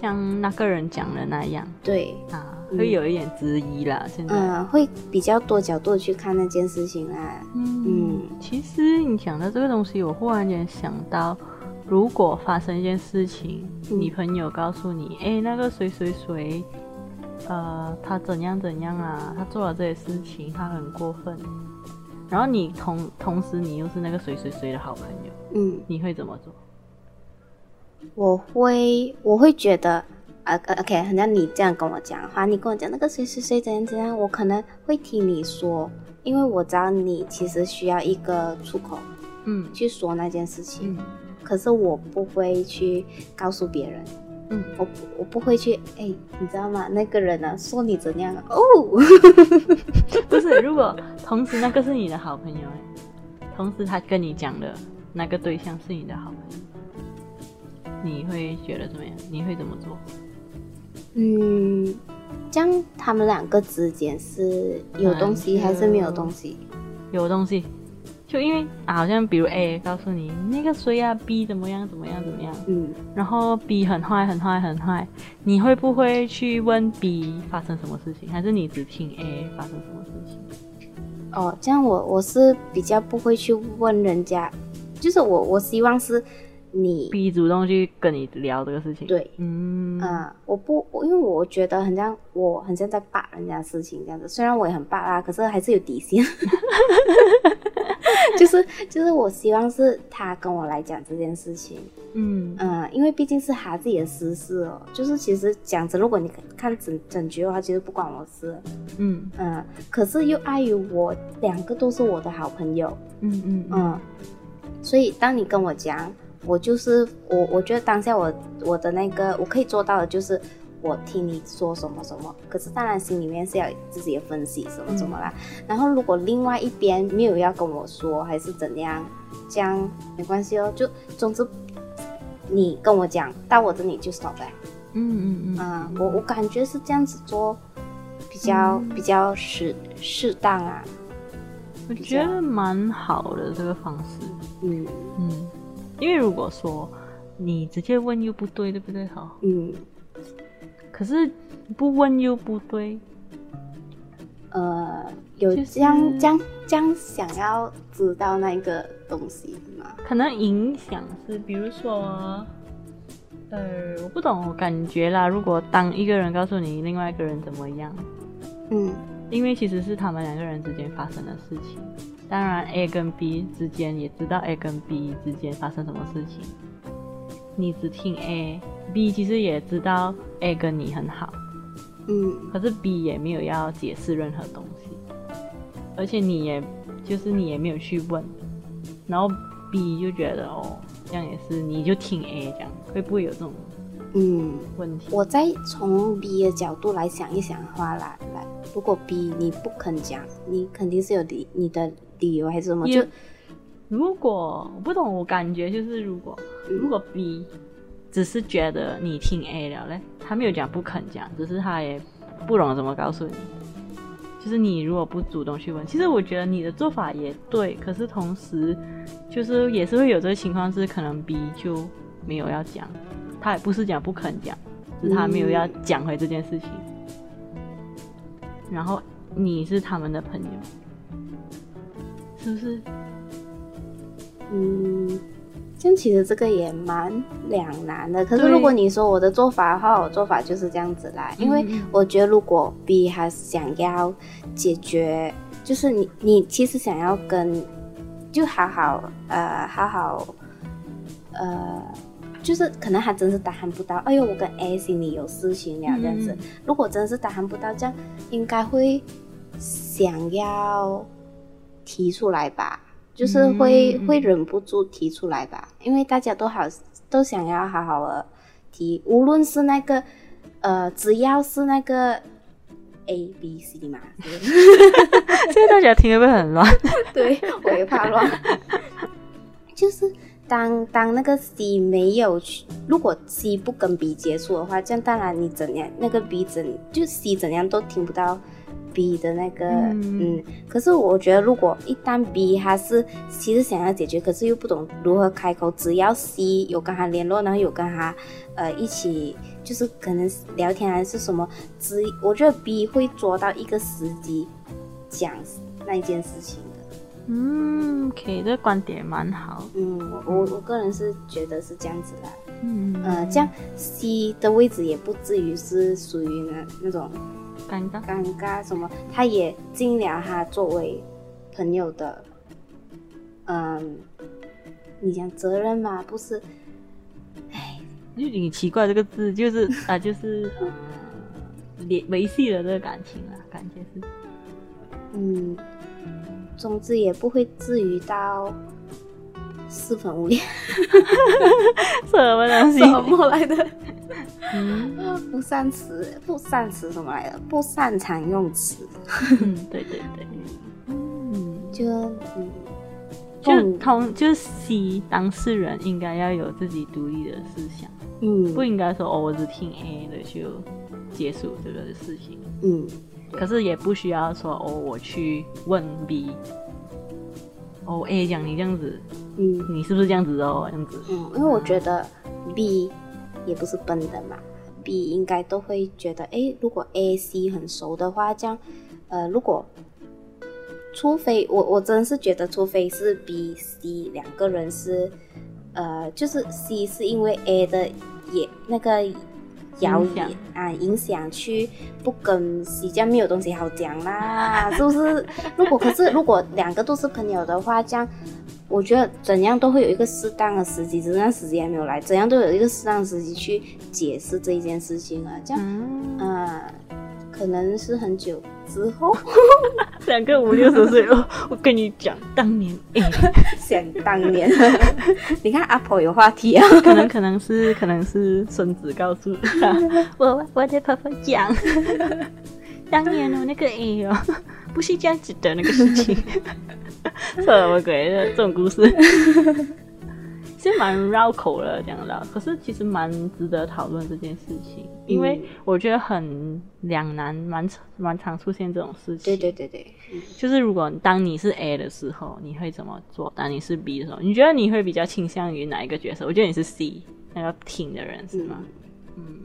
像那個人講的那樣？對啊，會有一點質疑啦。嗯、現在嗯，會比較多角度去看那件事情啊。嗯，嗯其實你講的這個東西，我忽然間想到，如果發生一件事情，你朋友告訴你：“哎、嗯欸，那個誰誰誰，呃，他怎樣怎樣啊？他做了這些事情，他很過分。”然後你同同時你又是那個誰誰誰的好朋友，嗯，你會怎麼做？我會我會覺得，啊，OK 好像你這樣跟我講，的話，你跟我講那個誰誰誰怎樣怎樣，我可能會聽你說，因為我知道你其實需要一個出口，嗯，去說那件事情。嗯可是我不會去告訴別人，嗯，我我不會去，哎，你知道嗎？那個人呢、啊，說你怎樣、啊？哦， *laughs* 不是，如果同時那個是你的好朋友，同時他跟你講的那個對象是你的好朋友，你會覺得怎麼樣？你會怎麼做？嗯，這樣他們兩個之間是有東西還是沒有東西？有，有東西。就因為、啊、好像比如 A 告訴你那個誰啊 B 怎麼樣怎麼樣怎麼樣，麼樣嗯，然後 B 很壞很壞很壞，你會不會去問 B 發生什麼事情，還是你只聽 A 發生什麼事情？哦，這樣我我是比較不會去問人家，就是我我希望是你 B 主動去跟你聊這個事情，對，嗯啊、呃，我不，因為我覺得很像我很像在扒人家的事情這樣子，雖然我也很霸啦、啊，可是還是有底線。 *laughs* 就是 *laughs* 就是，就是，我希望是他跟我來講這件事情。嗯嗯、呃，因為畢竟是他自己的私事哦。就是其實講着，如果你看整整局的話，其實不管我事。嗯嗯、呃，可是又礙於我兩個都是我的好朋友。嗯嗯嗯、呃，所以當你跟我講，我就是我，我覺得當下我我的那個我可以做到的就是。我聽你說什麼什麼，可是當然心裡面是要自己分析什麼什麼啦。嗯、然後如果另外一邊沒有要跟我說，還是怎樣，這樣沒關係哦。就總之，你跟我講到我這裡就 stop 了、嗯。嗯嗯嗯。呃、我我感覺是這樣子做，比較、嗯、比較適適當啊。我覺得蠻好的這個方式。嗯嗯。嗯因為如果說你直接問又不對，對不對？好。嗯。可是不問又不對，呃，有就是這樣這樣這樣想要知道那個東西嗎？可能影響是，比如說，呃，我不懂，我感覺啦，如果當一個人告訴你另外一個人怎麼樣，嗯，因為其實是他們兩個人之間發生的事情，當然 A 跟 B 之間也知道 A 跟 B 之間發生什麼事情，你只聽 A。B 其實也知道 A 跟你很好，嗯，可是 B 也沒有要解釋任何東西，而且你也就是你也沒有去問，然後 B 就覺得哦這樣也是，你就聽 A 這樣會不會有這種嗯問題？嗯、我再從 B 的角度來想一想話，啦來，如果 B 你不肯講，你肯定是有理你的理由還是什麼？也就如果我不懂，我感覺就是如果、嗯、如果 B。只是覺得你聽 A 了嘞，他沒有講不肯講，只是他也不懂怎麼告訴你。就是你如果不主動去問，其實我覺得你的做法也對，可是同時就是也是會有這個情況，是可能 B 就沒有要講，他也不是講不肯講，只是他沒有要講回這件事情。嗯、然後你是他們的朋友，是不是？嗯。這樣，其實這個也蠻兩難的。可是如果你說我的做法的話，對我做法就是這樣子啦，嗯、因為我覺得如果 B 還是想要解決，就是你你其實想要跟就好好呃好好呃，就是可能還真是達行不到。哎呦，我跟 A 心裡有事情了，嗯、這樣子。如果真是達行不到，這樣應該會想要提出來吧。就是會會忍不住提出來吧，嗯、因為大家都好都想要好好的提，無論是那個呃，只要是那個 A B C 嘛，這個 *laughs* 大家聽會不會很亂？對，我也怕亂。 *laughs* 就是當當那個 C 沒有去，如果 C 不跟 B 接觸的話，這樣當然你怎樣那個 B 怎就 C 怎樣都聽不到。B 的那個，嗯，嗯，可是我覺得，如果一旦 B 他是其實想要解決，可是又不懂如何開口，只要 C 有跟他聯絡，然後有跟他呃一起，就是可能聊天還是什麼，只我覺得 B 會抓到一個時機講那一件事情的。嗯，可以，這觀點蠻好。嗯，我我我個人是覺得是這樣子啦。嗯，呃，這樣 C 的位置也不至於是屬於那那種。尷尬，尷尬什麼？他也盡了他作為朋友的，嗯，你講責任嘛？不是，哎，就挺奇怪這個字，就是啊，就是維維繫了這個感情了，啊，感覺是，嗯，總之也不會至於到四分五裂， *laughs* *laughs* 什麼東西？怎麼來的？ *laughs* 不善詞，不善詞什麼來的？不擅長用詞、 *laughs* 嗯。對對對，嗯，就嗯就通就 C 當事人應該要有自己獨立的思想，嗯，不應該說哦，我只聽 A 的就結束這個事情，嗯，可是也不需要說哦，我去問 B，哦 A 講你這樣子，嗯，你是不是這樣子哦，這樣子，嗯，因為我覺得 B。也不是笨的嘛，B 應該都會覺得，誒、欸，如果 A、C 很熟的話，這樣，呃，如果，除非我我真是覺得，除非是 B、C 兩個人是，呃，就是 C 是因為 A 的也那個謠言響啊影響去不跟 C，這樣沒有東西好講啦，是不是？ *laughs* 如果可是如果兩個都是朋友的話，這樣。我覺得怎樣都會有一個適當的時機，只是那時機還沒有來。怎樣都有一個適當的時機去解釋這一件事情啊？這樣，嗯、呃，可能是很久之後， *laughs* 兩個五六十歲哦。 *laughs* 我跟你講，當年、A， *laughs* 想當年， *laughs* 你看阿婆有話題啊？可能可能是可能是孫子告訴他， *laughs* 我我的婆婆講， *laughs* 當年我那個 A 哦。不是這樣子的那個事情， *laughs* 什麼鬼？這種故事是 *laughs* 蠻繞口的，講到。可是其實蠻值得討論這件事情，嗯、因為我覺得很兩難，蠻常蠻常出現這種事情。對對對對，就是如果當你是 A 的時候，你會怎麼做？當你是 B 的時候，你覺得你會比較傾向於哪一個角色？我覺得你是 C，那個挺的人是嗎？嗯。嗯，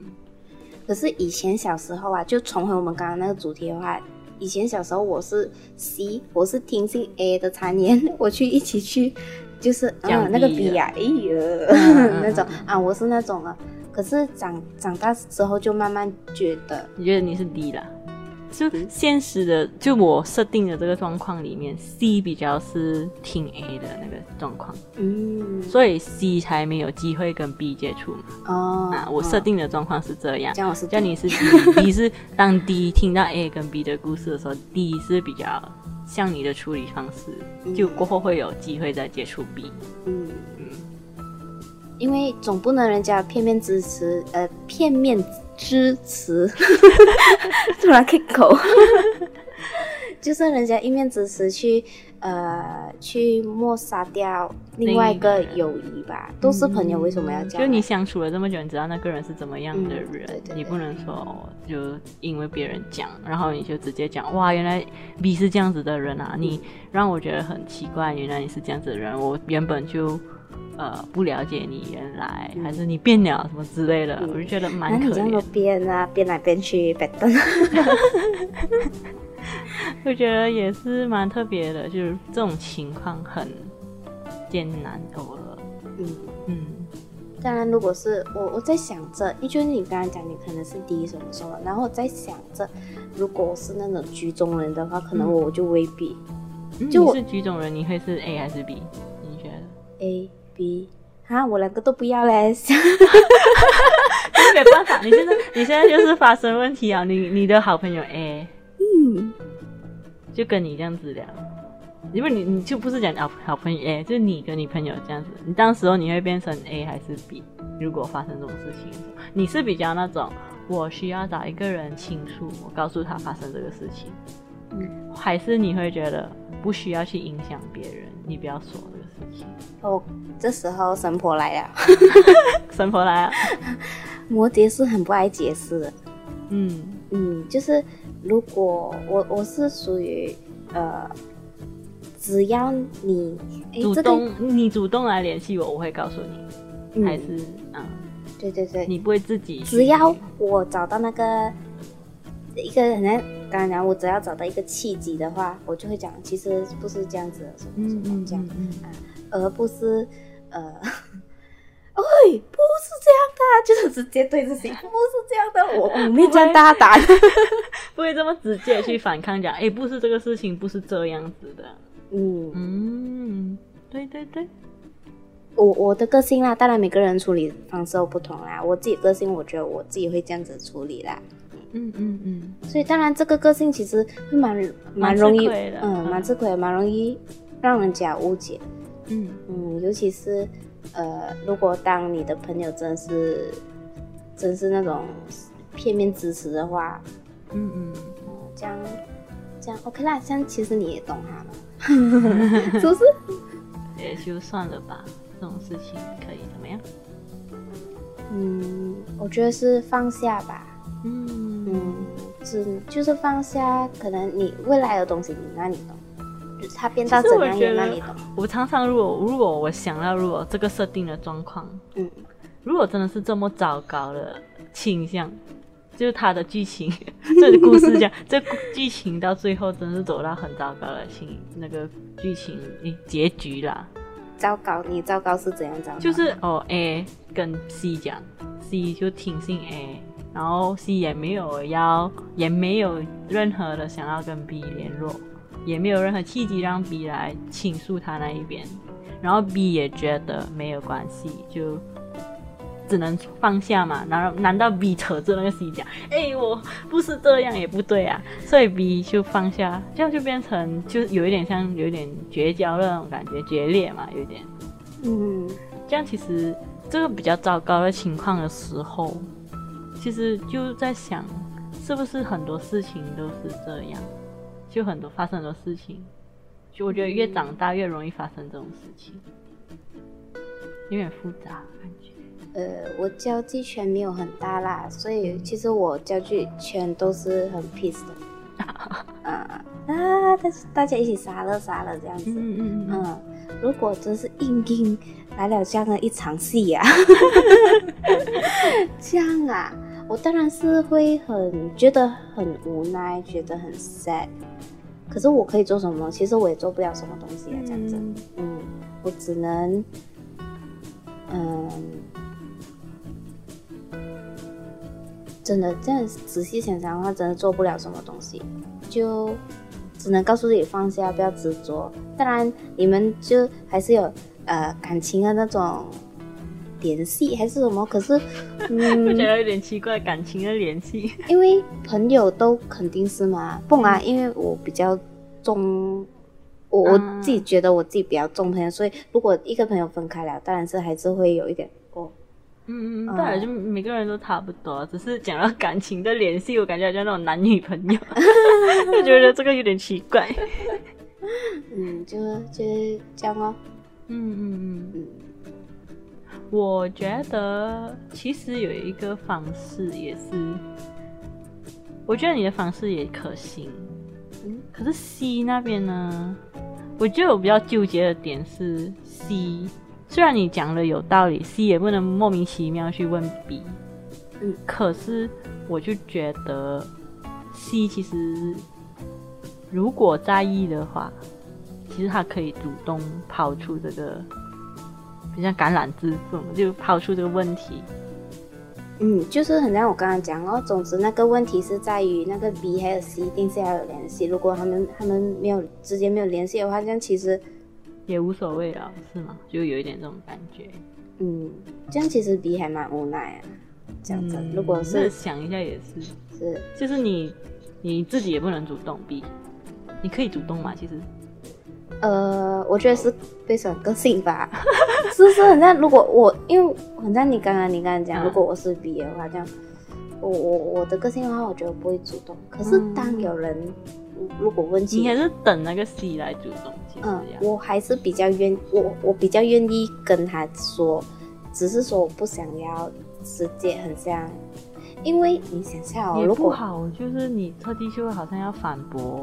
可是以前小時候啊，就重回我們剛剛那個主題的話。以前小時候我是 C，我是聽信 A 的讒言，我去一起去，就是啊那個 B 啊，哎呦、嗯、那種啊，我是那種啊。可是長長大之後就慢慢覺得，你覺得你是 D 啦。就現實的，就我設定的這個狀況裡面，C 比較是聽 A 的那個狀況，嗯，所以 C 才沒有機會跟 B 接觸嘛。哦，那、啊、我設定的狀況是這樣，叫老師，叫你是 G, *laughs* D 是當 D 聽到 A 跟 B 的故事的時候，D 是比較像你的處理方式，嗯、就過後會有機會再接觸 B。嗯，嗯因為總不能人家片面支持，呃，片面。支持，突然開口，就是人家一面之詞，呃，去呃去抹殺掉另外一個友誼吧，都是朋友，為什麼要講？就你相處了這麼久，你知道那個人是怎麼樣的人，嗯、對對對，你不能說就因為別人講，然後你就直接講哇，原來 B 是這樣子的人啊，嗯，你讓我覺得很奇怪，原來你是這樣子的人，我原本就。呃，不了解你原來，嗯、還是你變了什麼之類的，嗯、我就覺得蠻可憐的，變啊，變來變去， *laughs* *laughs* 我覺得也是蠻特別的，就是這種情況很艱難多了。嗯嗯。嗯，當然，如果是我，我在想着因為就是你剛才講你可能是第一手的時候，然後我在想着，如果是那種局中人的話，可能我就未必。嗯、就我是局中人，你會是 A 還是 B？你覺得？A。B 啊，我兩個都不要嘞， *laughs* *laughs* 沒辦法，你現在你現在就是發生問題啊，你你的好朋友 A，嗯，就跟你這樣子聊，因為你你就不是講好好朋友 A，就是你跟你朋友這樣子，你當時候你會變成 A 還是 B？如果發生這種事情，你是比較那種我需要找一個人傾訴，我告訴他發生這個事情，嗯，還是你會覺得不需要去影響別人，你不要說了、這個。哦，這時候神婆來了， *laughs* 神婆來了。 *laughs* 摩羯是很不愛解釋的，嗯嗯，就是如果我我是屬於呃，只要你誒主動，這個、你主動來聯繫我，我會告訴你，嗯、還是嗯，呃、對對對，你不會自己。只要我找到那個一個人，當然講我只要找到一個契機的話，我就會講，其實不是這樣子的這樣嗯，怎麼這樣啊。嗯嗯而不是，呃，哎，不是這樣的，就是直接對自己，不是這樣的，我我沒這麼大膽的不，不會這麼直接去反抗講，講哎，不是這個事情，不是這樣子的，嗯，嗯，對對對，我我的個性啦，當然每個人處理方式都不同啦，我自己個性，我覺得我自己會這樣子處理啦，嗯嗯嗯，嗯嗯，所以當然這個個性其實蠻蠻容易，嗯，蠻吃虧，蠻容易讓人家誤解。嗯嗯，尤其是，呃，如果當你的朋友真是，真是那種片面支持的話，嗯嗯這，這樣這樣 OK 啦，這樣其實你也懂他了是不是？ *laughs* 也就算了吧，這種事情可以怎麼樣？嗯，我覺得是放下吧。嗯只、嗯、就是放下，可能你未來的東西，那你懂。他變到怎樣我？我常常如果如果我想到如果這個設定的狀況，嗯，如果真的是這麼糟糕的傾向，就是他的劇情，這 *laughs* *laughs* 故事講這樣劇情到最後真的是走到很糟糕的情，那個劇情結局啦。糟糕，你糟糕是怎樣糟糕？就是哦，A 跟 C 講，C 就聽信 A，然後 C 也沒有要，也沒有任何的想要跟 B 聯絡。也沒有任何契機讓 B 來傾訴他那一邊，然後 B 也覺得沒有關係，就只能放下嘛。難難道 B 扯着那個 C 講：“哎，我不是這樣，也不對啊。”所以 B 就放下，這樣就變成就有一點像有點絕交的那種感覺，決裂嘛，有點。嗯，這樣其實這個比較糟糕的情況的時候，其實就在想是不是很多事情都是這樣。就很多發生很多事情，就我覺得越長大越容易發生這種事情，有點複雜感覺。呃，我交際圈沒有很大啦，所以其實我交際圈都是很 peace 的。啊、 *laughs* 嗯，啊，大家大家一起殺了殺了這樣子。嗯，嗯，嗯，嗯，如果真是硬硬來了這樣的一場戲呀，啊， *laughs* *laughs* 這樣啊。我當然是會很，覺得很無奈，覺得很 sad，可是我可以做什麼？其實我也做不了什麼東西啊，這樣子。嗯，我只能，嗯、呃，真的這樣仔細想想的話，真的做不了什麼東西，就只能告訴自己放下，不要執着。當然，你們就還是有，呃，感情的那種。聯繫還是什麼？可是，嗯，我覺得有點奇怪，感情的聯繫。因為朋友都肯定是嘛，不啊、嗯，因為我比較重，我、嗯、我自己覺得我自己比較重朋友，所以如果一個朋友分開了，當然是還是會有一點過。哦、嗯，當然就每個人都差不多，嗯、只是講到感情的聯繫，我感覺好像那種男女朋友， *laughs* *laughs* 就覺得這個有點奇怪。嗯，就是就是這樣哦。嗯嗯嗯嗯。嗯我覺得其實有一個方式也是，我覺得你的方式也可行。可是 C 那邊呢？我覺得我比較糾結的點是 C，雖然你講的有道理，C 也不能莫名其妙去問 B。嗯，可是我就覺得 C 其實如果在意的話，其實他可以主動拋出這個。比較橄欖枝什就拋出這個問題。嗯，就是很像我剛剛講哦。總之，那個問題是在於那個 B 還有 C 一定是要有聯繫。如果他們他們沒有之間沒有聯繫的話，這樣其實也無所謂了，是嗎？就有一點這種感覺。嗯，這樣其實 B 還蠻無奈啊。這樣子，嗯，如果是想一下也是是，是就是你你自己也不能主動 B，你可以主動嘛，其實。呃，我覺得是非常個性吧， *laughs* 是是，很像。如果我，因為很像你剛剛你剛剛講，嗯、如果我是 B 的話，這樣，我我我的個性的話，我覺得我不會主動。可是當有人、嗯、如果問起，你還是等那個 C 來主動。就是、嗯，我還是比較願我我比較願意跟他說，只是說我不想要直接很像，因為你想想，好如果好，就是你特地就會好像要反駁。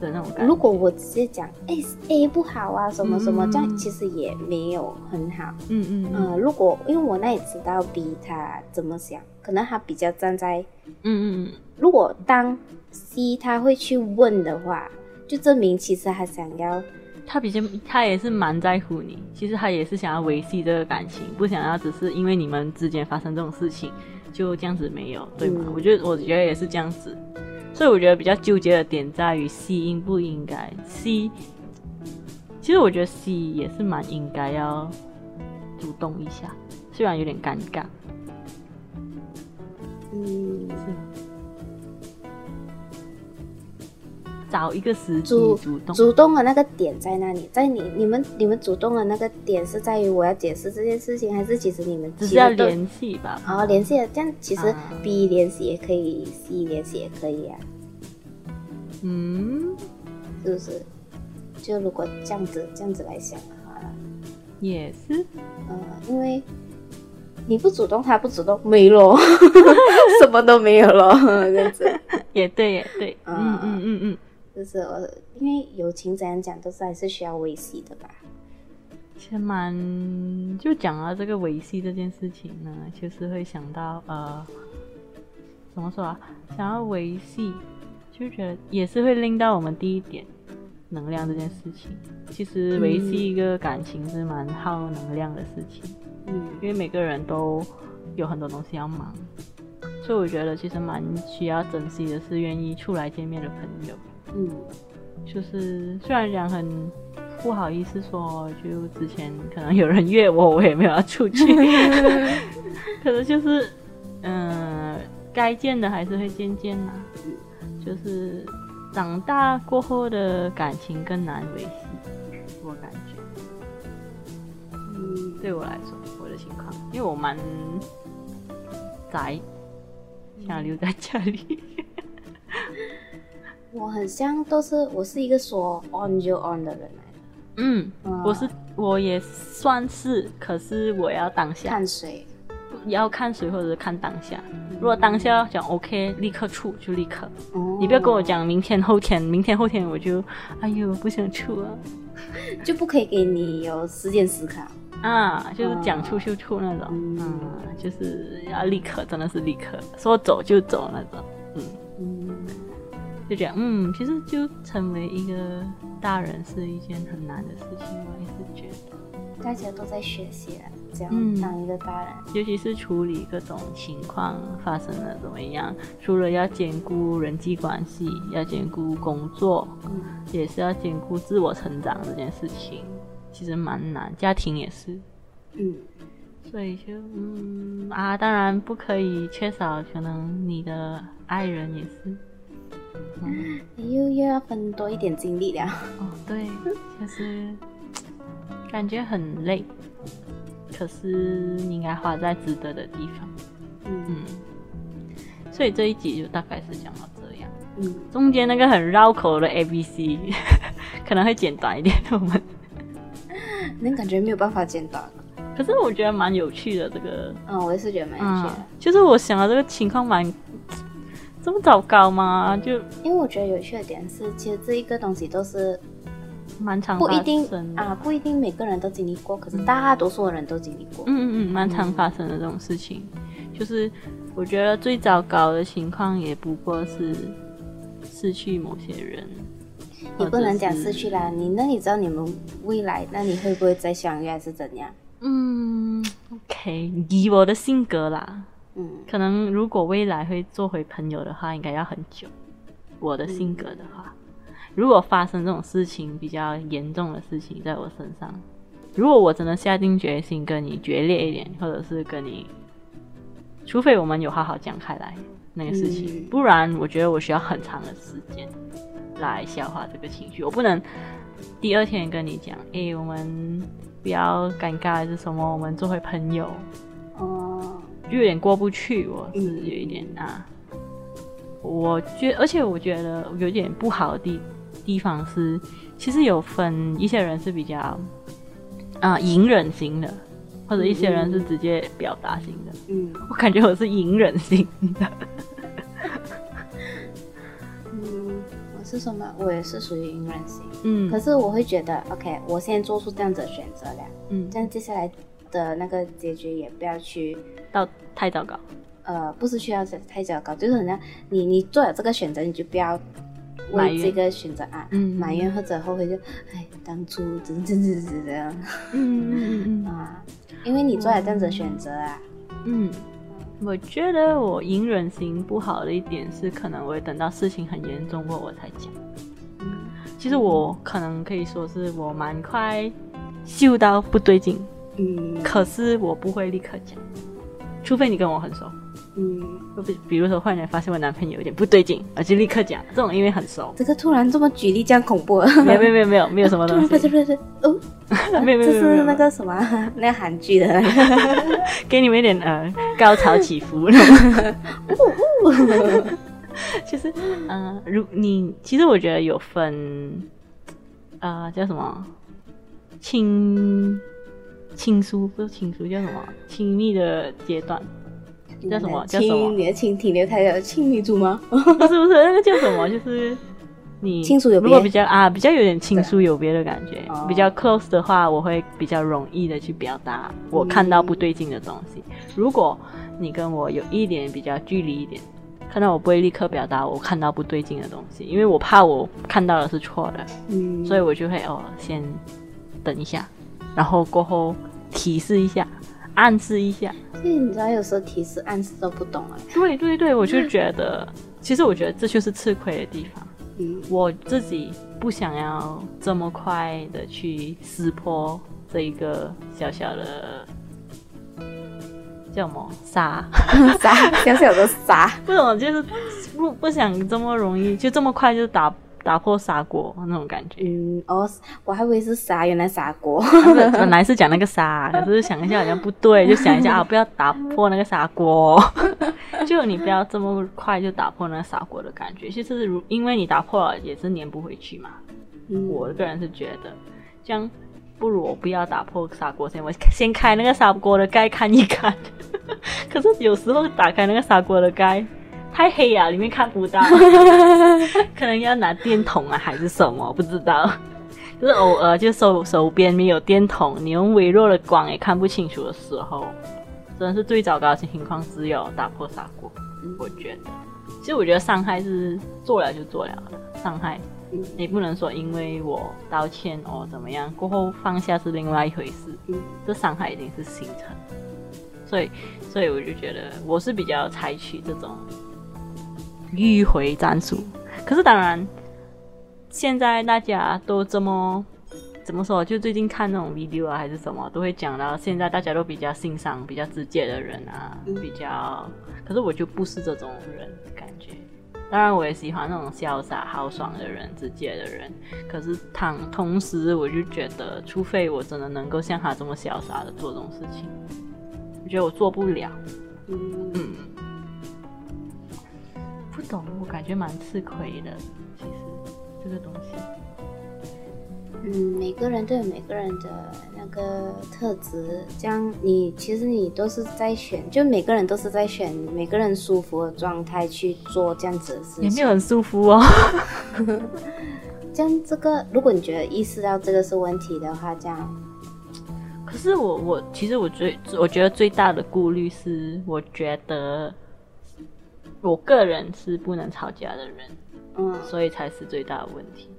的那種感覺如果我直接講，哎、欸、，A 不好啊，什麼什麼，嗯、這樣其實也沒有很好。嗯嗯,嗯、呃、如果因為我那也知道 B 他怎麼想，可能他比較站在，嗯嗯嗯。嗯嗯如果當 C 他會去問的話，就證明其實他想要，他比較他也是蠻在乎你，其實他也是想要維繫這個感情，不想要只是因為你們之間發生這種事情。就這樣子沒有，對嗎？嗯、我覺得，我覺得也是這樣子，所以我覺得比較糾結的點在於 C 應不應該？C 其實我覺得 C 也是蠻應該要主動一下，雖然有點尷尬。嗯。找一個時主動主,主動的那個點在哪裡？在你你們你們主動的那個點是在於我要解釋這件事情，還是其實你們自己要聯繫吧。好、哦，聯繫了這樣，其實 B 聯繫也可以、嗯、，C 聯繫也可以啊。嗯，是不是？就如果這樣子這樣子來想的話，也是。嗯、呃，因為你不主動，他不主動，沒咯， *laughs* 什麼都沒有咯。這樣子。也對，也對。嗯嗯嗯嗯。嗯嗯嗯就是呃，因為友情怎樣講都是還是需要維繫的吧。其實蠻就講到這個維繫這件事情呢，就是會想到呃，怎麼說啊？想要維繫，就覺得也是會令到我們第一點能量這件事情。其實維繫一個感情是蠻耗能量的事情，嗯，因為每個人都有很多東西要忙，所以我覺得其實蠻需要珍惜的是願意出來見面的朋友。嗯，就是雖然講很不好意思說，就之前可能有人約我，我也沒有要出去。 *laughs* *laughs* 可是就是，嗯、呃，該見的還是會見見啦。嗯、就是長大過後的感情更難維繫，我感覺。嗯，對我來說，我的情況，因為我蠻宅，想留在家裡。 *laughs* 我很像都是，我是一個說 on 就 on 的人來，嗯，我是我也算是，可是我要當下看誰，要看誰或者是看當下。如果當下要講 OK，立刻出就立刻。哦，你不要跟我講明天後天，明天後天我就哎呦不想出啊。就不可以給你有時間思考。啊，就是講出就出那種。嗯，嗯。就是要立刻，真的是立刻，說走就走那種。嗯。就這樣，嗯，其實就成為一個大人是一件很難的事情，我也是覺得。大家都在學習了，這樣當一個大人、嗯？尤其是處理各種情況發生了怎麼樣？除了要兼顧人際關係，要兼顧工作，嗯、也是要兼顧自我成長這件事情，其實蠻難。家庭也是，嗯，所以就，嗯啊，當然不可以缺少，可能你的愛人也是。又、嗯、又要分多一點精力了哦，對，就是感覺很累，可是應該花在值得的地方。嗯，嗯，所以這一集就大概是講到這樣。嗯，中間那個很繞口的 A B C，可能會剪短一點。我們，那、嗯、感覺沒有辦法剪短。可是我覺得蠻有趣的這個。嗯、哦，我也是覺得蠻有趣的、嗯。就是我想到這個情況蠻。這麼糟糕嗎？就因為我覺得有趣的點是，其實這一個東西都是蠻常不一定發生啊，不一定每個人都經歷過，可是大、大多數人都經歷過。嗯嗯嗯，蠻、嗯嗯、常發生的這種事情，嗯、就是我覺得最糟糕的情況也不過是失去某些人，也不能講失去啦。你那你知道你們未來，那你會不會再相遇還是怎樣？嗯，OK，以我的性格啦。嗯，可能如果未來會做回朋友的話，應該要很久。我的性格的話，嗯、如果發生這種事情比較嚴重的事情在我身上，如果我真的下定決心跟你決裂一點，或者是跟你，除非我們有好好講開來那個事情，嗯、不然我覺得我需要很長的時間來消化這個情緒。我不能第二天跟你講，誒，我們不要尷尬還是什麼，我們做回朋友。哦。就有點過不去，我是有一點啊。嗯、我覺，而且我覺得有點不好的地地方是，其實有分一些人是比較啊呃、隱忍型的，或者一些人是直接表達型的。嗯，我感覺我是隱忍型的。嗯，我是什麼？我也是屬於隱忍型。嗯，可是我會覺得，OK，我先做出這樣子的選擇了。嗯，這樣接下來。的那個結局也不要去到太糟糕，呃，不是需要太糟糕，就是人家你你做了這個選擇，你就不要為這個選擇怨啊，嗯，埋怨、或者後悔，就、嗯、哎，當初真真怎怎這樣，嗯嗯啊，因為你做了這樣子的選擇啊，嗯，我覺得我隱忍心不好的一點是，可能我會等到事情很嚴重過我才講，嗯，其實我可能可以說是我蠻快嗅到不對勁。嗯，可是我不會立刻講，除非你跟我很熟。嗯，就比如說，壞人發現我男朋友有點不對勁，而且立刻講。這種因為很熟。這個突然這麼舉例，這樣恐怖。沒有沒有沒有沒有沒有什麼東西。不是不是不是哦，沒有沒有，這是那個什麼，那個韓劇的，給你們一點，呃，高潮起伏。那種。其實，呃，如，你，其實我覺得有分，呃，叫什麼，親。親疏不是親疏，叫什麼？親密的階段，叫什麼？親叫什麼？你的親停留太久，親密住嗎？ *laughs* 是不是？那個叫什麼？就是你親疏有別。如果比較啊，比較有點親疏有別的感覺，對哦、比較 close 的話，我會比較容易的去表達我看到不對勁的東西。嗯、如果你跟我有一點比較距離一點，看到我不會立刻表達我看到不對勁的東西，因為我怕我看到的是錯的，嗯，所以我就會哦，先等一下。然後過後提示一下，暗示一下。所以你知道，有時候提示，暗示都不懂了。對對對，我就覺得，嗯、其實我覺得這就是吃虧的地方。嗯，我自己不想要這麼快的去撕破這一個小小的叫什麼沙沙 *laughs* 小小的沙，不懂就是不不想這麼容易，就這麼快就打？打破砂鍋那種感覺，嗯，哦，我還以為是砂。原來砂鍋。本 *laughs* 來是講那個砂，可是想一下好像不對，就想一下啊，不要打破那個砂鍋， *laughs* 就你不要這麼快就打破那個砂鍋的感覺。其、就、實是如因為你打破了也是粘不回去嘛。嗯，我個人是覺得，這樣不如我不要打破砂鍋，先我先開那個砂鍋的蓋看一看。 *laughs* 可是有時候打開那個砂鍋的蓋。太黑呀，啊，裡面看不到， *laughs* 可能要拿電筒啊，還是什麼？不知道， *laughs* 就是偶爾就手手邊沒有電筒，你用微弱的光也看不清楚的時候，真的是最糟糕的情況，只有打破砂鍋，嗯，我覺得。其實我覺得傷害是做了就做了的，傷害也、嗯欸，不能說因為我道歉哦怎麼樣，過後放下是另外一回事。嗯，這傷害一定是形成，所以所以我就覺得我是比較採取這種。迂迴戰術。可是，當然，現在大家都這麼怎麼說？就最近看那種 video 啊，還是什麼，都會講到現在大家都比較欣賞比較直接的人啊，比較。可是，我就不是這種人，感覺。當然，我也喜歡那種瀟灑豪爽的人，直接的人。可是，躺同時，我就覺得，除非我真的能夠像他這麼瀟灑的做這種事情，我覺得我做不了。嗯。嗯不懂，我感覺蠻吃虧的。其實這個東西，嗯，每個人都有每個人的那個特質。這樣你，你其實你都是在選，就每個人都是在選每個人舒服的狀態去做這樣子的事情。情也、欸、沒有很舒服哦。 *laughs* 這樣，這個如果你覺得意識到這個是問題的話，這樣。可是我我其實我最我覺得最大的顧慮是，我覺得。我個人是不能吵架的人，嗯，所以才是最大的問題。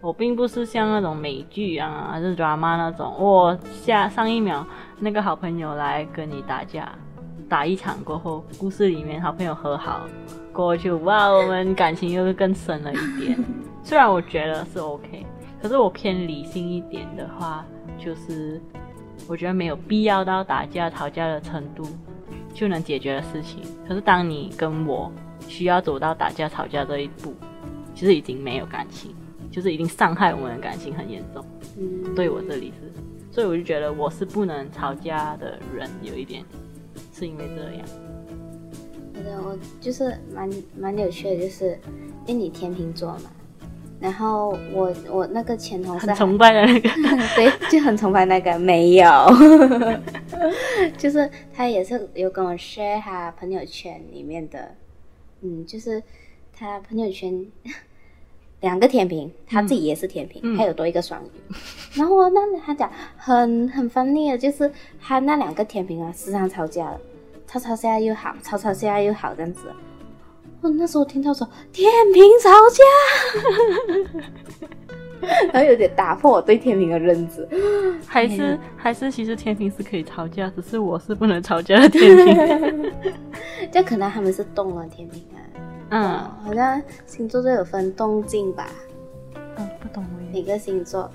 我並不是像那種美劇一樣啊，還是 drama 那種，我下上一秒那個好朋友來跟你打架，打一場過後，故事裡面好朋友和好過去，哇，我們感情又是更深了一點。雖然我覺得是 OK，可是我偏理性一點的話，就是我覺得沒有必要到打架、吵架的程度。就能解決的事情，可是當你跟我需要走到打架吵架這一步，其實已經沒有感情，就是已經傷害我們的感情很嚴重。嗯，對我這裡是，所以我就覺得我是不能吵架的人，有一點是因為這樣。我的，我就是蠻蠻有趣的，就是因為你天秤座嘛。然後我我那個前同事很崇拜的那個， *laughs* 對，就很崇拜那個，沒有， *laughs* 就是他也是有跟我 share 他朋友圈裡面的，嗯，就是他朋友圈兩個天秤，他自己也是天秤，還、嗯、有多一個雙魚。嗯、然後我那他講很很 funny 的，就是他那兩個天秤啊，時常吵架了，吵吵架又好，吵吵架又好這樣子。我、哦、那時候我聽到說天平吵架， *laughs* *laughs* 然後有點打破我對天平的認知。還是還是，還是其實天平是可以吵架，只是我是不能吵架的天平。 *laughs* *laughs* 就可能他們是動了天平啊。嗯、哦，好像星座都有分動靜吧。嗯，不懂。每個星座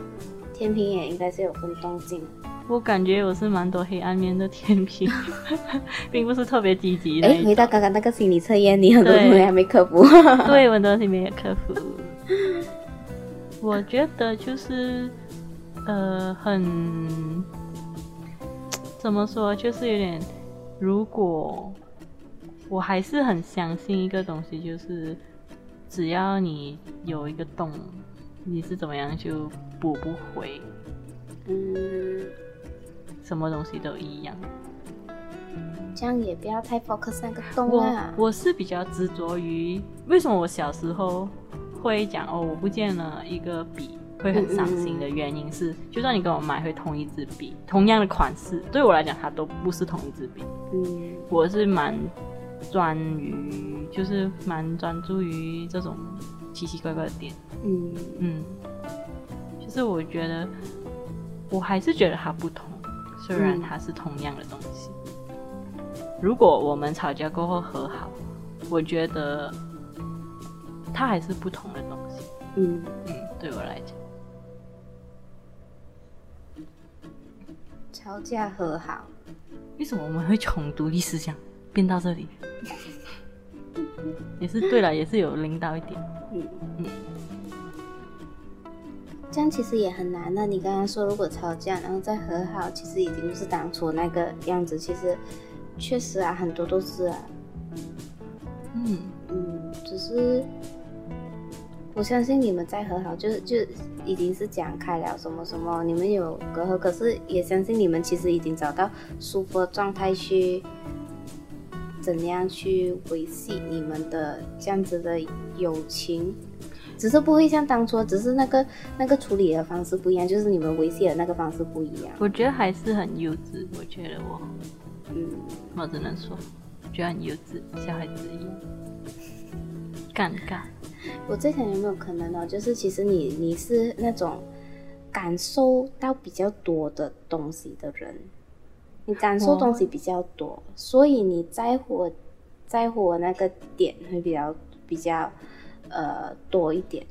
天平也應該是有分動靜。我感覺我是蠻多黑暗面的天平，並不是特別積極的。哎，回到剛剛那個心理測驗，你很多東西還沒克服。對，對，我很多東西沒有克服。 *laughs* 我覺得就是，呃，很怎麼說，就是有點。如果我還是很相信一個東西，就是只要你有一個洞，你是怎麼樣就補不回。嗯。什麼東西都一樣，這樣也不要太 focus 那個動物啊。我我是比較執着於為什麼我小時候會講哦，我不見了一個筆會很傷心的原因是，嗯嗯，就算你跟我買回同一支筆，同樣的款式，對我來講它都不是同一支筆。嗯，我是蠻專於，就是蠻專注於這種奇奇怪怪的點。嗯嗯，就是我覺得我還是覺得它不同。雖然它是同樣的東西，嗯、如果我們吵架過後和好，我覺得它還是不同的東西。嗯嗯，對我來講，吵架和好，為什麼我們會從獨立思想變到這裡？ *laughs* 也是對了，也是有領導一點。嗯嗯。嗯這樣其實也很難的。那你剛剛說，如果吵架然後再和好，其實已經不是當初那個樣子。其實確實啊，很多都是啊。嗯嗯，只是我相信你們再和好就，就是就已經是講開了什麼什麼。你們有隔閡，可是也相信你們其實已經找到舒服的狀態去怎樣去維繫你們的這樣子的友情。只是不會像當初，只是那個那個處理的方式不一樣，就是你們維繫的那個方式不一樣。我覺得還是很幼稚，我覺得我，嗯，我只能說，覺得很幼稚，小孩子一樣，尷尬。我在想有沒有可能呢、哦，就是其實你你是那種感受到比較多的東西的人，你感受東西比較多，我所以你在乎我在乎我那個點會比較比較。呃，多一點，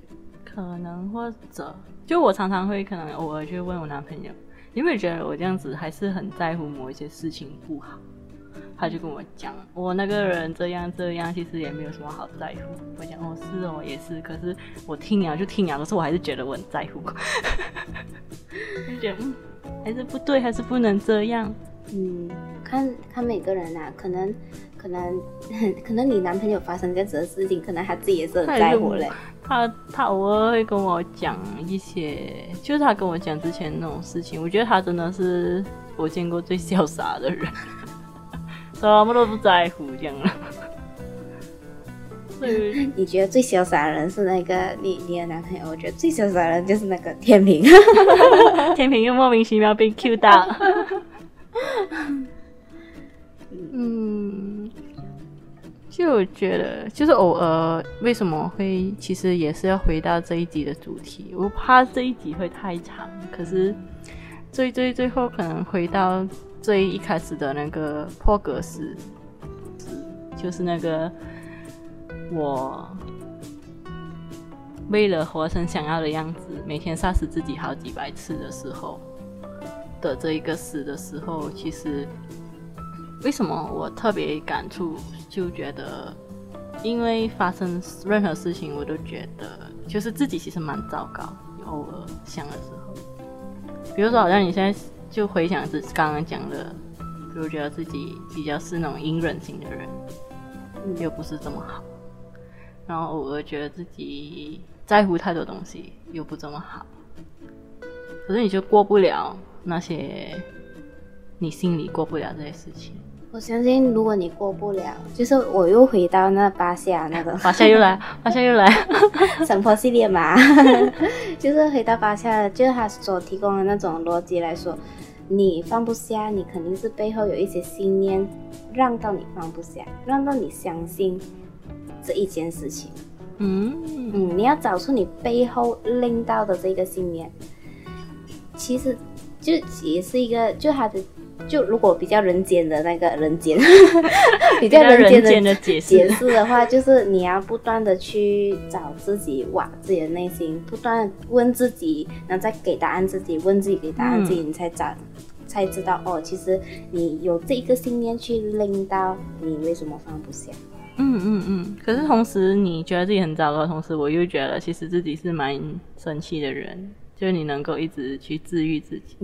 可能或者，就我常常會可能偶爾去問我男朋友，你有沒有覺得我這樣子還是很在乎某一些事情不好？他就跟我講，我那個人這樣這樣，其實也沒有什麼好在乎。我講哦，是哦，我也是，可是我聽呀就聽呀，可是我還是覺得我很在乎。我覺得 *laughs* 嗯還是不對，還是不能這樣。嗯，看看每個人啊，可能。可能可能你男朋友發生這樣子的事情，可能他自己也是很在乎嘞。他他偶爾會跟我講一些，就是他跟我講之前那種事情。我覺得他真的是我見過最瀟灑的人，什 *laughs* 麼、so, 都不在乎這樣了。 *laughs* 以你覺得最瀟灑的人是那個？你你的男朋友？我覺得最瀟灑的人就是那個天平， *laughs* *laughs* 天平又莫名其妙被 Q 到。 *laughs* 嗯，就我覺得就是偶爾，為什麼會？其實也是要回到這一集的主題。我怕這一集會太長，可是最最最後可能回到最一開始的那個破格詩，就是那個我為了活成想要的樣子，每天殺死自己好幾百次的時候的這一個死的時候，其實。為什麼我特別感觸，就覺得，因為發生任何事情，我都覺得就是自己其實蠻糟糕。偶爾想的時候，比如說，好像你現在就回想只是剛剛講的，比如覺得自己比較是那種隱忍型的人，又不是這麼好，然後偶爾覺得自己在乎太多東西，又不這麼好，可是你就過不了那些，你心裡過不了這些事情。我相信，如果你過不了，就是我又回到那巴夏那個，巴夏又來，巴夏 *laughs* 又來， *laughs* 神婆系列嘛。 *laughs* 就是回到巴夏，就是他所提供的那種邏輯來說，你放不下，你肯定是背後有一些信念，讓到你放不下，讓到你相信這一件事情。嗯嗯，你要找出你背後令到的這個信念，其實就也是一個就他的。就如果比較人間的那個人間 *laughs* ，比較人間的、的解釋 *laughs* 的話，就是你要不斷的去找自己哇，自己的內心，不斷問自己，然後再給答案自己，問自己給答案自己，嗯、你才找，才知道哦。其實你有這個信念去令到，你為什麼放不下嗯。嗯嗯嗯。可是同時你覺得自己很糟糕，同時我又覺得其實自己是蠻生氣的人。就你能夠一直去治癒自己，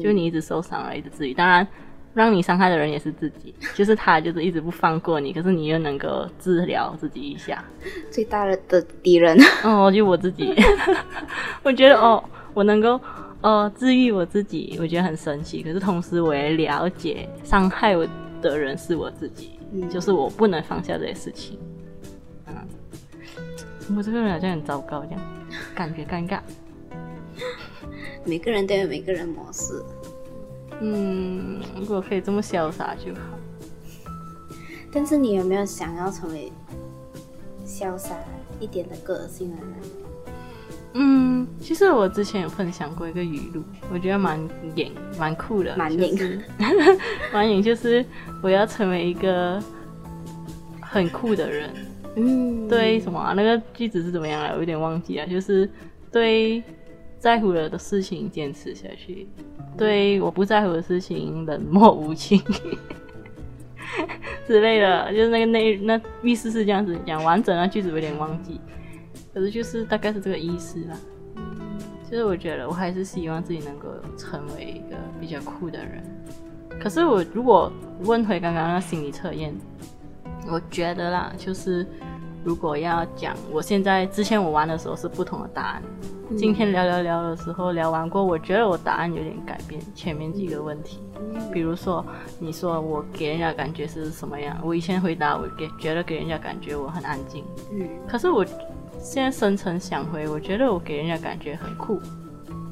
就你一直受傷而一直治癒。嗯、當然，讓你傷害的人也是自己，就是他，就是一直不放過你。可是你又能夠治療自己一下，最大的敵人哦，就我自己。 *laughs* 我覺得哦，我能夠呃治癒我自己，我覺得很神奇。可是同時我也了解傷害我的人是我自己，嗯、就是我不能放下這些事情。嗯，我這個人好像很糟糕這樣，感覺尷尬。每個人都有每個人模式。嗯，如果可以這麼瀟灑就好。但是你有沒有想要成為瀟灑一點的個性的、啊、人？嗯，其實我之前有分享過一個語錄，我覺得蠻演蠻酷的。蠻英演，蠻演就是我要成為一個很酷的人。嗯，對什麼、啊、那個句子是怎麼樣啊？我有點忘記了，就是對。在乎了的事情堅持下去，對我不在乎的事情冷漠無情 *laughs* 之類的，就是那個內那那意思是這樣子講，完整的句子有點忘記，可是就是大概是這個意思啦。其實我覺得我還是希望自己能夠成為一個比較酷的人。可是我如果問回剛剛那心理測驗，我覺得啦，就是。如果要講，我現在之前我玩的時候是不同的答案。嗯、今天聊聊聊的時候聊完過，我覺得我答案有點改變前面幾個問題。嗯、比如說，你說我給人家感覺是什麼樣？我以前回答，我給覺得給人家感覺我很安靜。嗯。可是我現在深層想回，我覺得我給人家感覺很酷。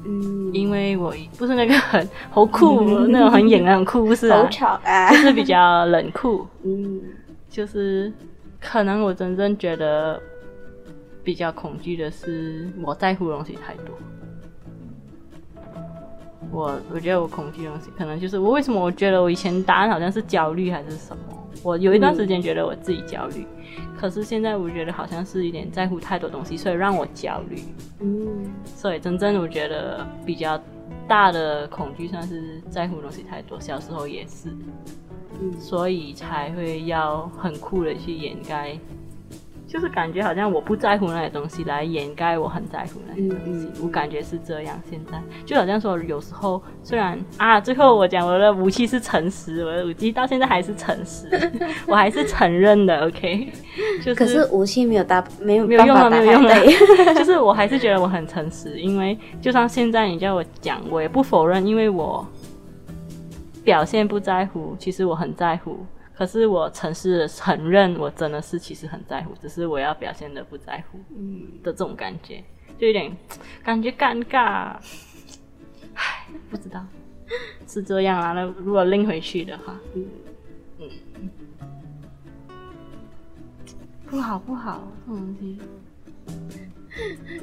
嗯。因為我不是那個很好酷，嗯、那種很野很酷， *laughs* 是好吵啊！好巧啊 *laughs* 就是比較冷酷。嗯。就是。可能我真正覺得比較恐懼的是，我在乎東西太多。我我覺得我恐懼的東西，可能就是我為什麼我覺得我以前答案好像是焦慮還是什麼。我有一段時間覺得我自己焦慮，嗯、可是現在我覺得好像是有點在乎太多東西，所以讓我焦慮。嗯，所以真正我覺得比較大的恐懼，算是在乎東西太多，小時候也是。嗯、所以才會要很酷的去掩蓋，就是感覺好像我不在乎那些東西，來掩蓋我很在乎那些東西。嗯、我感覺是這樣。現在就好像說，有時候雖然啊，最後我講我的武器是誠實，我的武器到現在還是誠實， *laughs* 我還是承認的。OK，就是可是武器沒有搭，沒有沒有用了，沒有用了。 *laughs* 就是我還是覺得我很誠實，因為就像現在你叫我講，我也不否認，因為我。表現不在乎，其實我很在乎。可是我誠實承認，我真的是其實很在乎，只是我要表現的不在乎，嗯，的這種感覺，就有點感覺尷尬。唉，不知道是這樣啊。那如果拎回去的話，嗯嗯，不好不好，嗯，嗯，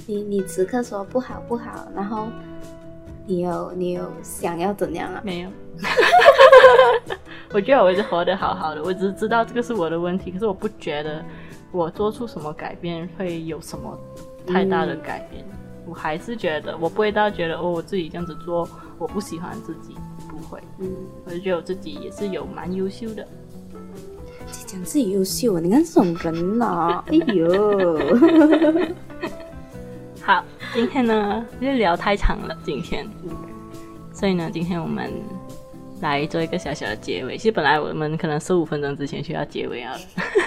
你你此刻說不好不好，然後。你有你有想要怎樣啊？沒有， *laughs* 我覺得我一直活得好好的，我只是知道這個是我的問題，可是我不覺得我做出什麼改變會有什麼太大的改變，嗯、我還是覺得我不會到覺得哦，我自己這樣子做，我不喜歡自己，不會，嗯，我就覺得我自己也是有蠻優秀的，這講自己優秀，你看這種人啊， *laughs* 哎呦。 *laughs* 好，今天呢，因為聊太長了，今天，所以呢，今天我們來做一個小小的結尾。其實本來我們可能十五分鐘之前就要結尾啊。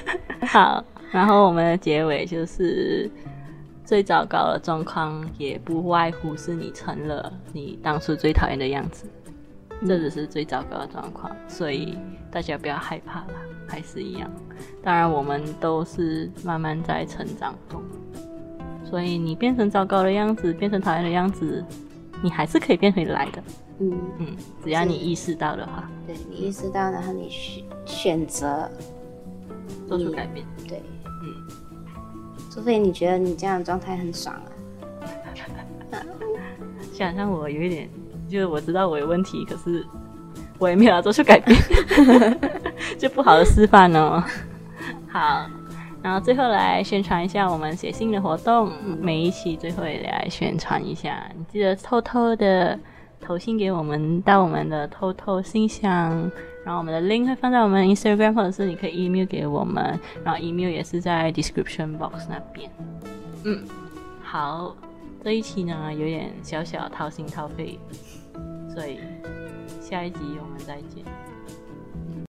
*laughs* 好，然後我們的結尾就是最糟糕的狀況也不外乎是你成了你當初最討厭的樣子，嗯、這只是最糟糕的狀況，所以大家不要害怕啦，還是一樣。當然，我們都是慢慢在成長中。所以你變成糟糕的樣子，變成討厭的樣子，你還是可以變回來的。嗯嗯，只要你意識到的話，對，你意識到，然後你選選擇做出改變。對，嗯，除非你覺得你這樣的狀態很爽啊。想象 *laughs* 我有一點，就是我知道我有問題，可是我也沒有要做出改變， *laughs* *laughs* 就不好的示範哦。 *laughs* 好。然後最後來宣傳一下我們寫信的活動，嗯，每一期最後也來宣傳一下，你記得偷偷的投信給我們，到我們的偷偷信箱，然後我們的 link 會放在我們 Instagram 或者是你可以 email 給我們，然後 email 也是在 description box 那邊。嗯，好，這一期呢有點小小掏心掏肺，所以下一集我們再見。